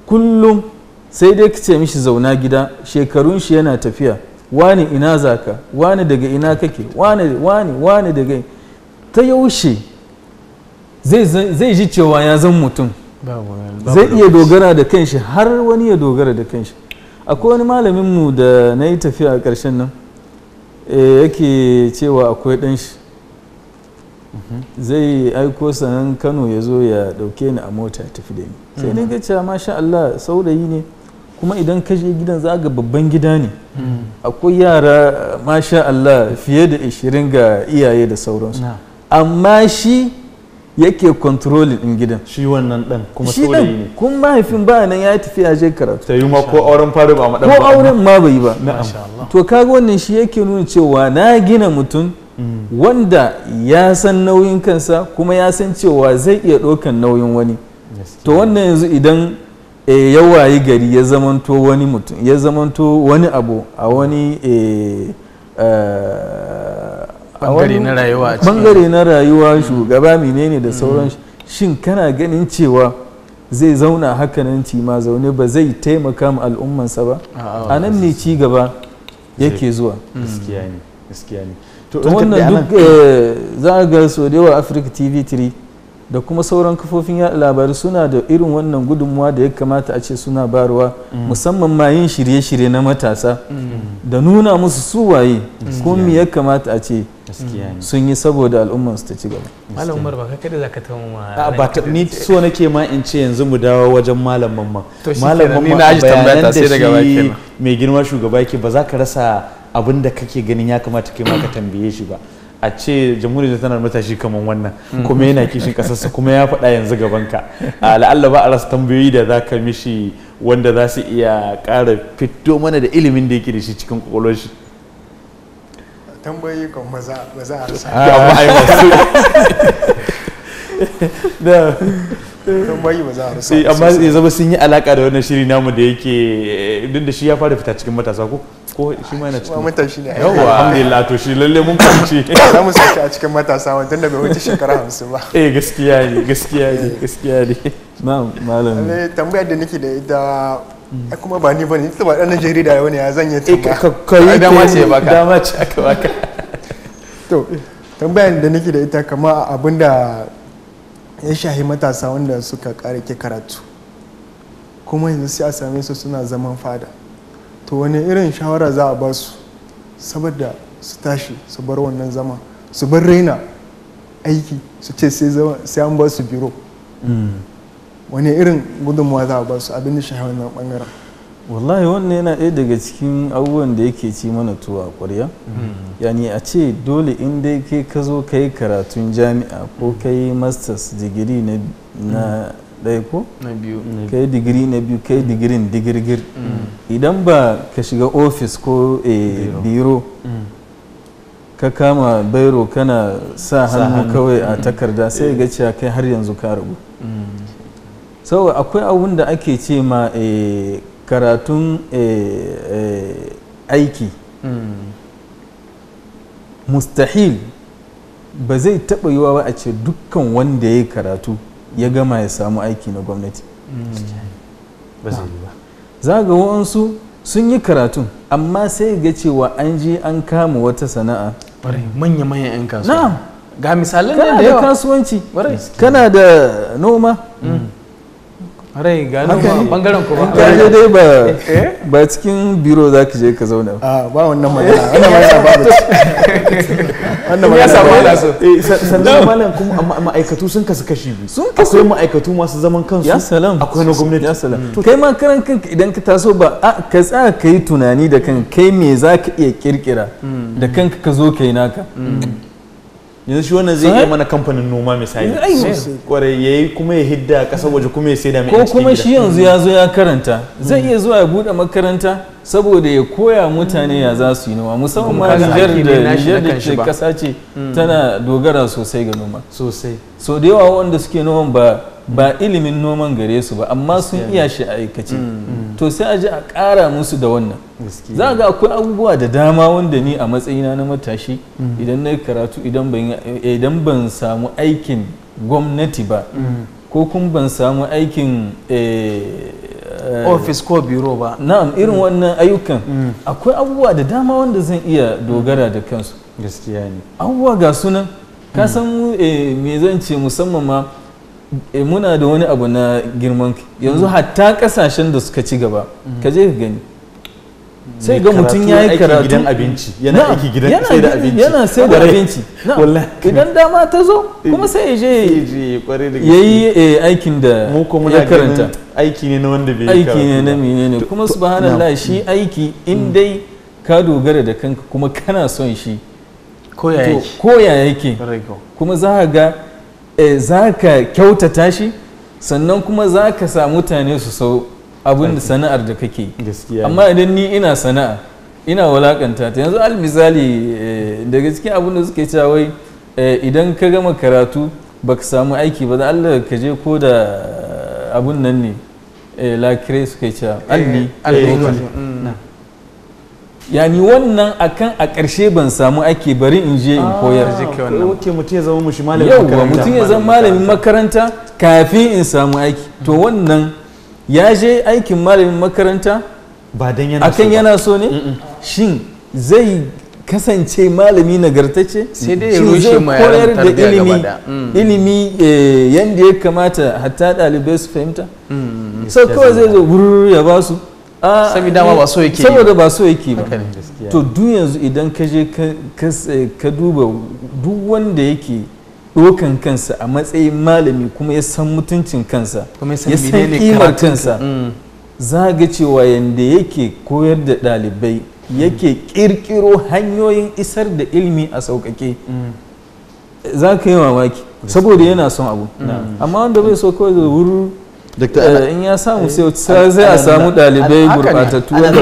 kullum sai dai ka ce mishi zauna gida shekarun shi yana tafiya wani ina zaka wani daga ina kake wani wani wani daga ta yaushe zai ji cewa ya zan mutum zai iya dogara da kanshi har wani ya dogara da kanshi akwai wani malaminmu da na yi tafiya a ƙarshen nan eh, yake cewa akwai ɗanshi zai aiko sanan kano ya zo ya ɗauke ni a mota ya tafi da ni sai ni ga cewa masha Allah saurayi ne kuma idan ka je gidan za ga babban gida ne hmm. akwai yara masha Allah fiye da 20 ga iyaye da sauransu amma shi yake controlling din gidan shi wannan dan kuma saurayi ne kun mahaifin ba nan ya tafi ya je karatu ta yi ma ko auren ba madan ko auren ma bai ba to kaga wannan shi yake nuna cewa na gina mutum mm. wanda ya san nauyin kansa kuma ya san cewa zai iya ɗaukan nauyin wani to wannan yanzu idan e, ya wayi gari ya zamanto wani mutum ya zamanto wani abu a wani e, bangare na rayuwa bangare na rayuwa shugaba menene da sauran shin kana ganin cewa zai zauna hakanan ci ma zaune ba zai taimaka ma al'ummansa ba a nan ne ci gaba yake zuwa mm. gaskiya to wannan duk eh, za a ga so da yawa Africa TV 3 da kuma sauran kafofin yaɗa labarai suna da irin wannan gudunmuwa da ya kamata a ce suna barwa mm. musamman ma yin shirye-shirye na matasa mm. da nuna musu su waye ko me ya kamata a ce sun yi saboda al'ummar su ta ci gaba malam umar ba kai da zaka ta mu ba ni so nake ma in ce yanzu mu dawo wajen malam mamma malam mamma na ji tambaya mai girma shugaba yake ba za ka rasa abin da kake ganin ya kamata kai ma ka tambaye shi ba a ce jamhuriyar tana matashi kamar wannan mm. kuma yana kishin kasarsa kuma ya faɗa yanzu gaban a la'alla ba a rasa tambayoyi da za ka mishi wanda za su iya ƙara fito mana da ilimin da yake da shi cikin ƙwaƙwalwar tambayi kan ba za a rasa ah, amma ai masu da tambayi ba za a rasa eh, amma ya zama sun yi alaka da wannan shiri namu da yake eh, duk da shi ya fara fita cikin matasa ko ko shi ma yana cikin matashi ne yawa alhamdulillah to shi lalle mun kwanci za mu sake a cikin matasa tun da bai wuce shekara hamsin ba eh gaskiya ne gaskiya ne gaskiya ne na'am malam eh, tambayar da nake da ita ai kuma ba ni bane ita ba dan Najeriya wani ya zanya ta eh, ka yi dama ce baka dama ce aka baka to tambayan da nake da ita kama abinda ya shahi matasa wanda suka kare ke karatu kuma yanzu sai a same su suna zaman fada to wani irin shawara za a ba su saboda su tashi su bar wannan zama su bar raina aiki su ce sai an ba su biro mm. wani irin gudunmuwa za a basu abin da hawan na bangaren wallahi wannan yana ɗaya daga cikin abubuwan da yake ci mana tuwa ƙwarya mm-hmm. yani a ce dole in dai kai ka zo ka yi karatun jami'a ko ka yi masters digiri na ɗaya ko? na biyu ka yi digiri na biyu ka yi mm-hmm. digirin digirgir mm-hmm. idan ba ka shiga ofis ko eh, biro ka kama bairo kana sa hannu kawai a takarda sai ga cewa kai har yanzu ka rabu so akwai abun da ake ce ma e, karatun e, e, aiki mm. mustahil ba zai taɓa yiwa ba a ce dukkan wanda ya yi karatu ya gama ya samu aiki na gwamnati hmm. za ga wa'ansu sun yi karatun amma sai ga cewa an je an kama wata sana'a manya manya 'yan kasuwa ga misalan da yawa kasuwanci kana da noma mm. rai gano ba bangaren ku ba kaje dai ba eh? ba cikin biro za ka je ka zauna a ah, ba wannan magana wannan magana ba ba wannan magana ya samu ala so eh, sannan malam kuma ma'aikatu sun kasu kashi biyu sun kasu akwai ma'aikatu masu zaman kansu ya salam akwai na gwamnati ya salam hmm. kai ma karan kanka idan ka taso ba a ka tsaya ka yi tunani da kan kai me za ka iya kirkira hmm. da kanka ka zo kai naka hmm. yanzu shi wannan zai eh? iya mana kamfanin noma misali eh, kwarai ya yi kuma ya hidda ƙasar waje kuma ya saida mai ko kuma shi yanzu ya zo ya karanta hmm. zai iya zuwa ya buɗe makaranta saboda ya koya mutane ya za su yi noma musamman ma Nijar da ce ƙasa ce hmm. tana dogara sosai ga noma sosai so da yawa wanda suke noman ba ba ilimin noman gare su ba amma sun iya shi a aikace hmm. to sai a ji a ƙara musu da wannan za ga akwai abubuwa da dama wanda ni a matsayina na matashi mm-hmm. idan na karatu idan ban samu aikin gwamnati ba mm-hmm. ko kuma ban samu aikin eh, eh, office ko biro ba na'am irin mm-hmm. wannan ayyukan akwai abubuwa da dama wanda zan iya dogara da kansu gaskiya ne abubuwa ga sunan ka san eh, me zan ce musamman ma Eh, muna da wani abu na girman yanzu hatta kasashen da suka ci gaba ka je ka gani sai ga mutum ya yi karatu gidan abinci yana aiki gidan sai da abinci yana sai da abinci idan dama ta zo kuma sai ya je ya yi eh, aikin da ya karanta aiki ne na wanda bai aiki ne na menene kuma subhanallah shi aiki mm. in dai ka dogara da kanka kuma kana son shi ko ya yake kuma za ga Eh, za ka kyautata shi sannan kuma za ka sa mutane su sau abin da sana'ar da kake amma idan ni ina sana'a ina walakanta ta yanzu almisali eh, daga cikin abin da suke cewa wai eh, idan ka gama karatu baka samu aiki ba da Allah ka je ko da abun nan ne lakire suke cewa alli yani wannan akan a ƙarshe ban samu ake bari in je in ah, koyar mutum ya malamin makaranta yauwa mutum ya zama malamin makaranta kafin in samu aiki to mm. wannan ya je aikin malamin makaranta a kan yana akan yana so ne shin zai kasance malami nagartacce sai shi zai koyar da ilimi mm. ilimi eh, ya kamata hatta ɗalibai su fahimta sau kawai zai zo ya ba su Ah, saboda ba so yake saboda ba so yake ba to duk yanzu idan ka je ka duba duk wanda yake dokan kansa a matsayin malami kuma ya san mutuncin kansa ya san kimar kansa mm. za ga cewa yanda yake koyar da ɗalibai mm. yake kirkiro hanyoyin isar da ilimi a sauƙaƙe mm. za ka yi mamaki saboda yana son abu amma wanda bai so kawai da wuri Eh, in ya samu eh, sai wata sai a samu dalibai gurbatattu wanda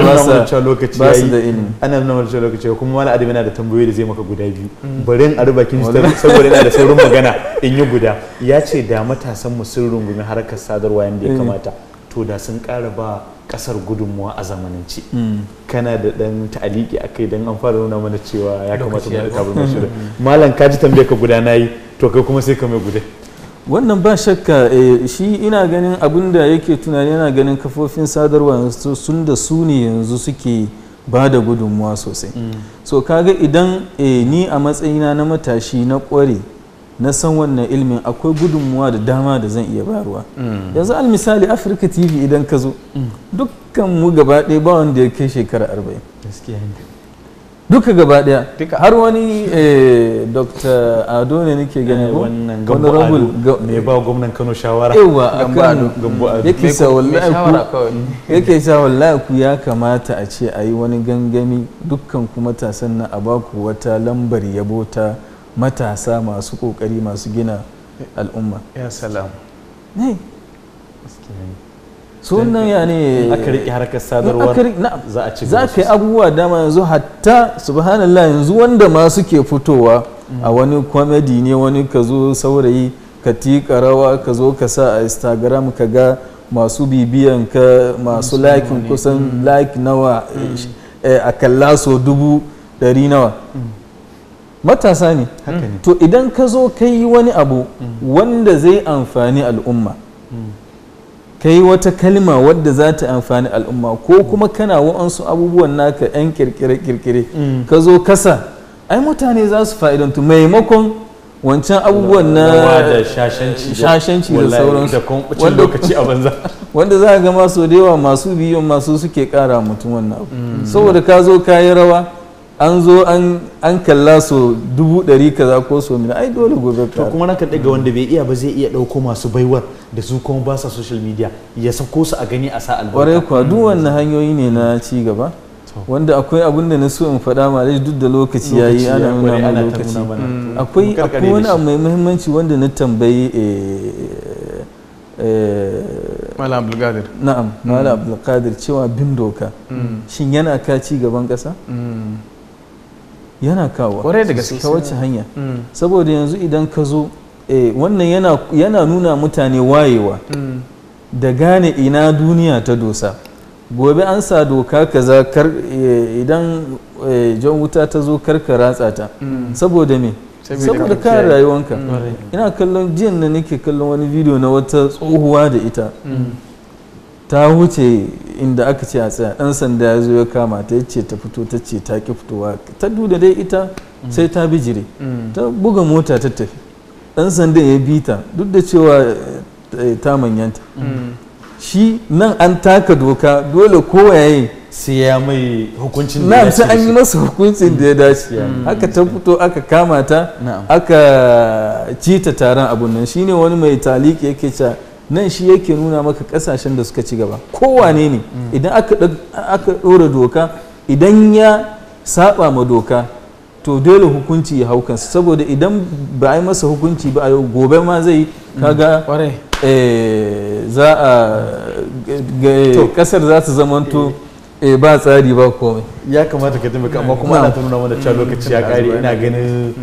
ba su da ilimi ana nuna marcin lokaci kuma malam Adamu yana da tambayoyi da zai maka guda biyu mm. bari in arba kin saboda yana da saurin magana in yi guda ya ce da matasan mu sun rungumi harkar sadarwa yadda ya mm. kamata to da sun ƙara ba kasar gudunmuwa a zamanance mm. kana da dan ta'aliki akai dan an fara nuna mana cewa ya kamata mu da kabul mashirin malam ka kaji tambaye ka guda nayi to kai kuma sai ka mai guda wannan ba shakka eh, shi ina ganin abin yake tunani yana ganin kafofin sadarwa sun da su ne yanzu suke ba da gudunmuwa sosai mm. so kaga idan eh, ni a matsayina na matashi na kware na san wannan ilmin akwai gudunmuwa da dama da zan iya bayarwa mm. yanzu al misali afirka tv idan ka zo mm. dukkan mu gaba ɗaya ba wanda ya kai shekara arba'in duka gaba daya har wani eh, dr ado ne nake gani ko wannan gambo ne ba gwamnan kano shawara yawa akan gambo yake sa wallahi ku yake sa wallahi ku ya kamata a ce ayi wani gangami dukkan ku matasan nan a baku wata lambar yabo ta matasa masu kokari masu gina al'umma ya salam ne sunan ya ne aka riƙe harkar sadarwar za a ci za ka yi abubuwa dama yanzu hatta subhanallah yanzu wanda ma suke fitowa a mm. wani kwamedi ne wani ka zo saurayi ka tiƙa rawa ka zo ka sa a instagram ka ga masu bibiyan ka masu laikin kusan mm. like nawa mm. eh, a kalla so dubu dari nawa matasa ne to idan ka zo ka yi wani abu wanda zai amfani al'umma ka yi wata kalma wadda za ta amfani al'umma ko kuma kana wa'ansu abubuwan naka 'yan kirkire-kirkire mm. ka zo kasa ai mutane za su fa'idantu maimakon wancan abubuwan na shashanci da sauransu wanda za a ga masu da yawa masu biyan masu suke kara mutum wannan abu mm. saboda ka zo ka yi rawa an zo an kalla su dubu ɗari kaza ko su mina ai dole gobe to kuma na kan ga wanda bai iya ba zai iya ɗauko masu baiwar da su kuma ba sa social media ya ko su a gani a sa albarka ƙwarai kuwa duk mm. wannan hanyoyi ne na ci gaba wanda akwai abin da na so in faɗa ma dai duk da lokaci ya yi ana nuna ma lokaci mm. Mm. akwai wani abu mai muhimmanci wanda na tambayi eh, eh, Mala Abdulkadir. Na'am, Mala Abdulkadir cewa bin doka. Shin yana ka ci gaban ƙasa? yana kawo kwarai da gaske wacce hanya mm. saboda yanzu idan ka zo eh, wannan yana nuna mutane wayewa mm. da gane ina duniya ta dosa gobe an sa doka kaza eh, idan eh, jan wuta ta zo karka ratsa ta mm. saboda me saboda ka rayuwanka ina kallon jiyan na nake kallon wani bidiyo na wata tsohuwa da ita ta wuce inda aka ce a tsaya dan sanda ya zo ya kama ta ce ta fito ta ce ta ki fitowa ta duda dai ita sai ta bijire mm. ta buga mota ta tafi dan sandan ya bi ta duk da cewa eh, ta manyanta mm. shi nan an taka doka dole kowaye sai ya mai hukuncin da ya dace an yi masa hukuncin da ya dace mm. aka ta fito aka kama ta aka cita taron abun nan shine wani mai taliki yake cewa nan shi yake nuna maka kasashen da suka ci gaba kowane ne idan aka ɗora doka idan ya saba ma doka to dole hukunci ya hau saboda idan ba a yi masa hukunci ba a yau gobe ma zai kaga mm, eh, za a kasar za ta zamanto eh, ba tsari ba komai ya kamata ka taimaka amma kuma ana ta nuna mana cewa lokaci ya kare ina ganin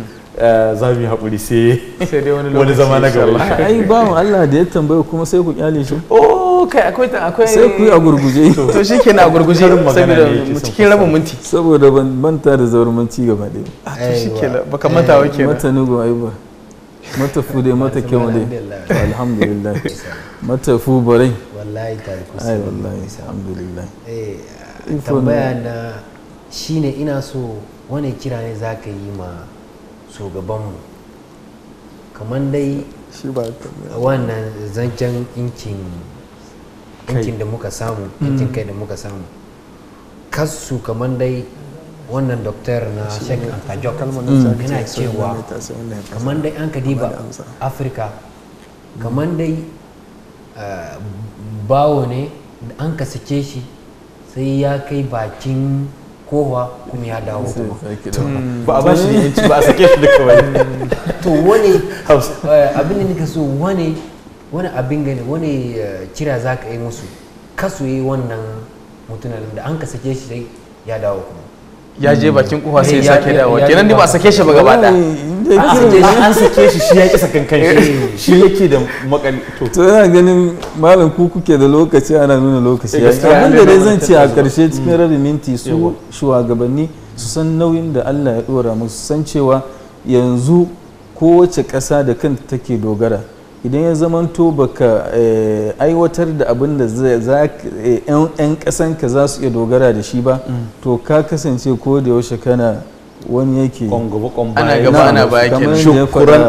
Eh, za mu yi haƙuri sai wani zama na gaba ai ba mu Allah da ya tambaya kuma sai ku kyale shi oh kai akwai ta akwai sai ku yi a gurguje to shikenan a gurguje saboda cikin rabin minti saboda ban manta da ci gaba ɗaya ah, to kenan baka manta wa eh, kenan mata nugo ai ba mata fu dai mata kyau dai alhamdulillah mata fu barai wallahi ta kusa ai wallahi alhamdulillah eh tambaya na shine ina so wani kira ne zaka yi ma shugabanmu kamar dai wannan zancen inkin da muka samu inkin mm. kai da muka samu kasu kamar dai wannan doktor na sheik antajok yana cewa kamar dai an ka diba afirka mm. kamar dai ah, bawo ne an ka sake shi sai ya kai bakin kowa kuma ya dawo kuma mm. ba a bashi yanci ba a sake shi duka ba to wani eh, abin da nika so wani wani abin gani wani eh, kira za ka yi musu kasu yi wannan mutunan da an ka sake shi dai ya dawo kuma ya je hmm. bakin kofa sai eh, sake dawo kenan dai ba sake shi ba gaba da an sake shi shi ya ki sakan kan shi shi yake da makali to ina ganin malam ku kuke da lokaci ana nuna lokaci eh, abin da dai zan ce a karshe cikin hmm. rabin minti su shugabanni su san nauyin da Allah ya dora musu san cewa yanzu kowace ƙasa da kanta take dogara idan ya zamanto baka eh, aiwatar da abin da eh, yan ka za su iya dogara da shi ba mm. to ka kasance ko da yaushe kana wani yake ana gaba ana baya kenan shukuran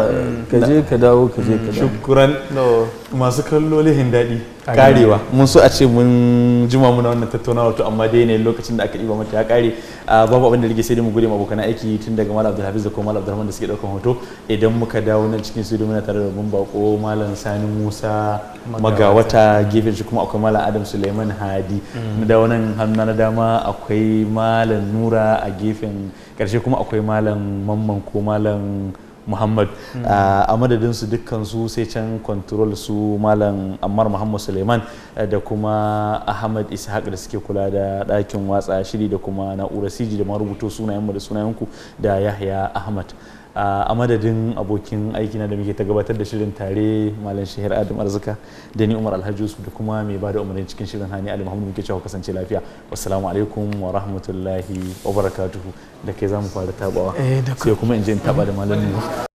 ka je ka dawo ka je ka dawo shukuran masu kallo lihin daɗi karewa mun so a ce mun jima muna wannan tattaunawa to amma dai ne lokacin da aka ɗiba mata ya kare babu abin da rige sai dai mu gode ma abokan aiki tun daga malam abdulhafiz da kuma malam abdulrahman da suke daukan hoto idan muka dawo nan cikin studio muna tare da babban bako malam sani musa magawata gefen shi kuma akwai malam adam suleiman hadi mm. na dawo nan hannu na dama akwai malam nura a gefen karshe kuma akwai malam mamman ko malam muhammad hmm. ah, a madadin su dukkan sai can control su malam ammar muhammad suleiman eh, da kuma ahmad ishaq da suke kula da ɗakin watsa shiri da kuma na'urar siji da marubuto sunayenmu da sunayenku da yahya ahmad a madadin abokin aikina da muke ta gabatar da shirin tare malam shahir adam arzika da ni umar alhaji da kuma mai bada umarni cikin shirin hani ali muhammadu muke cewa kasance lafiya wassalamu alaikum wa rahmatullahi wa barakatuhu da kai zamu fara tabawa eh, sai kuma in je in taba da malamin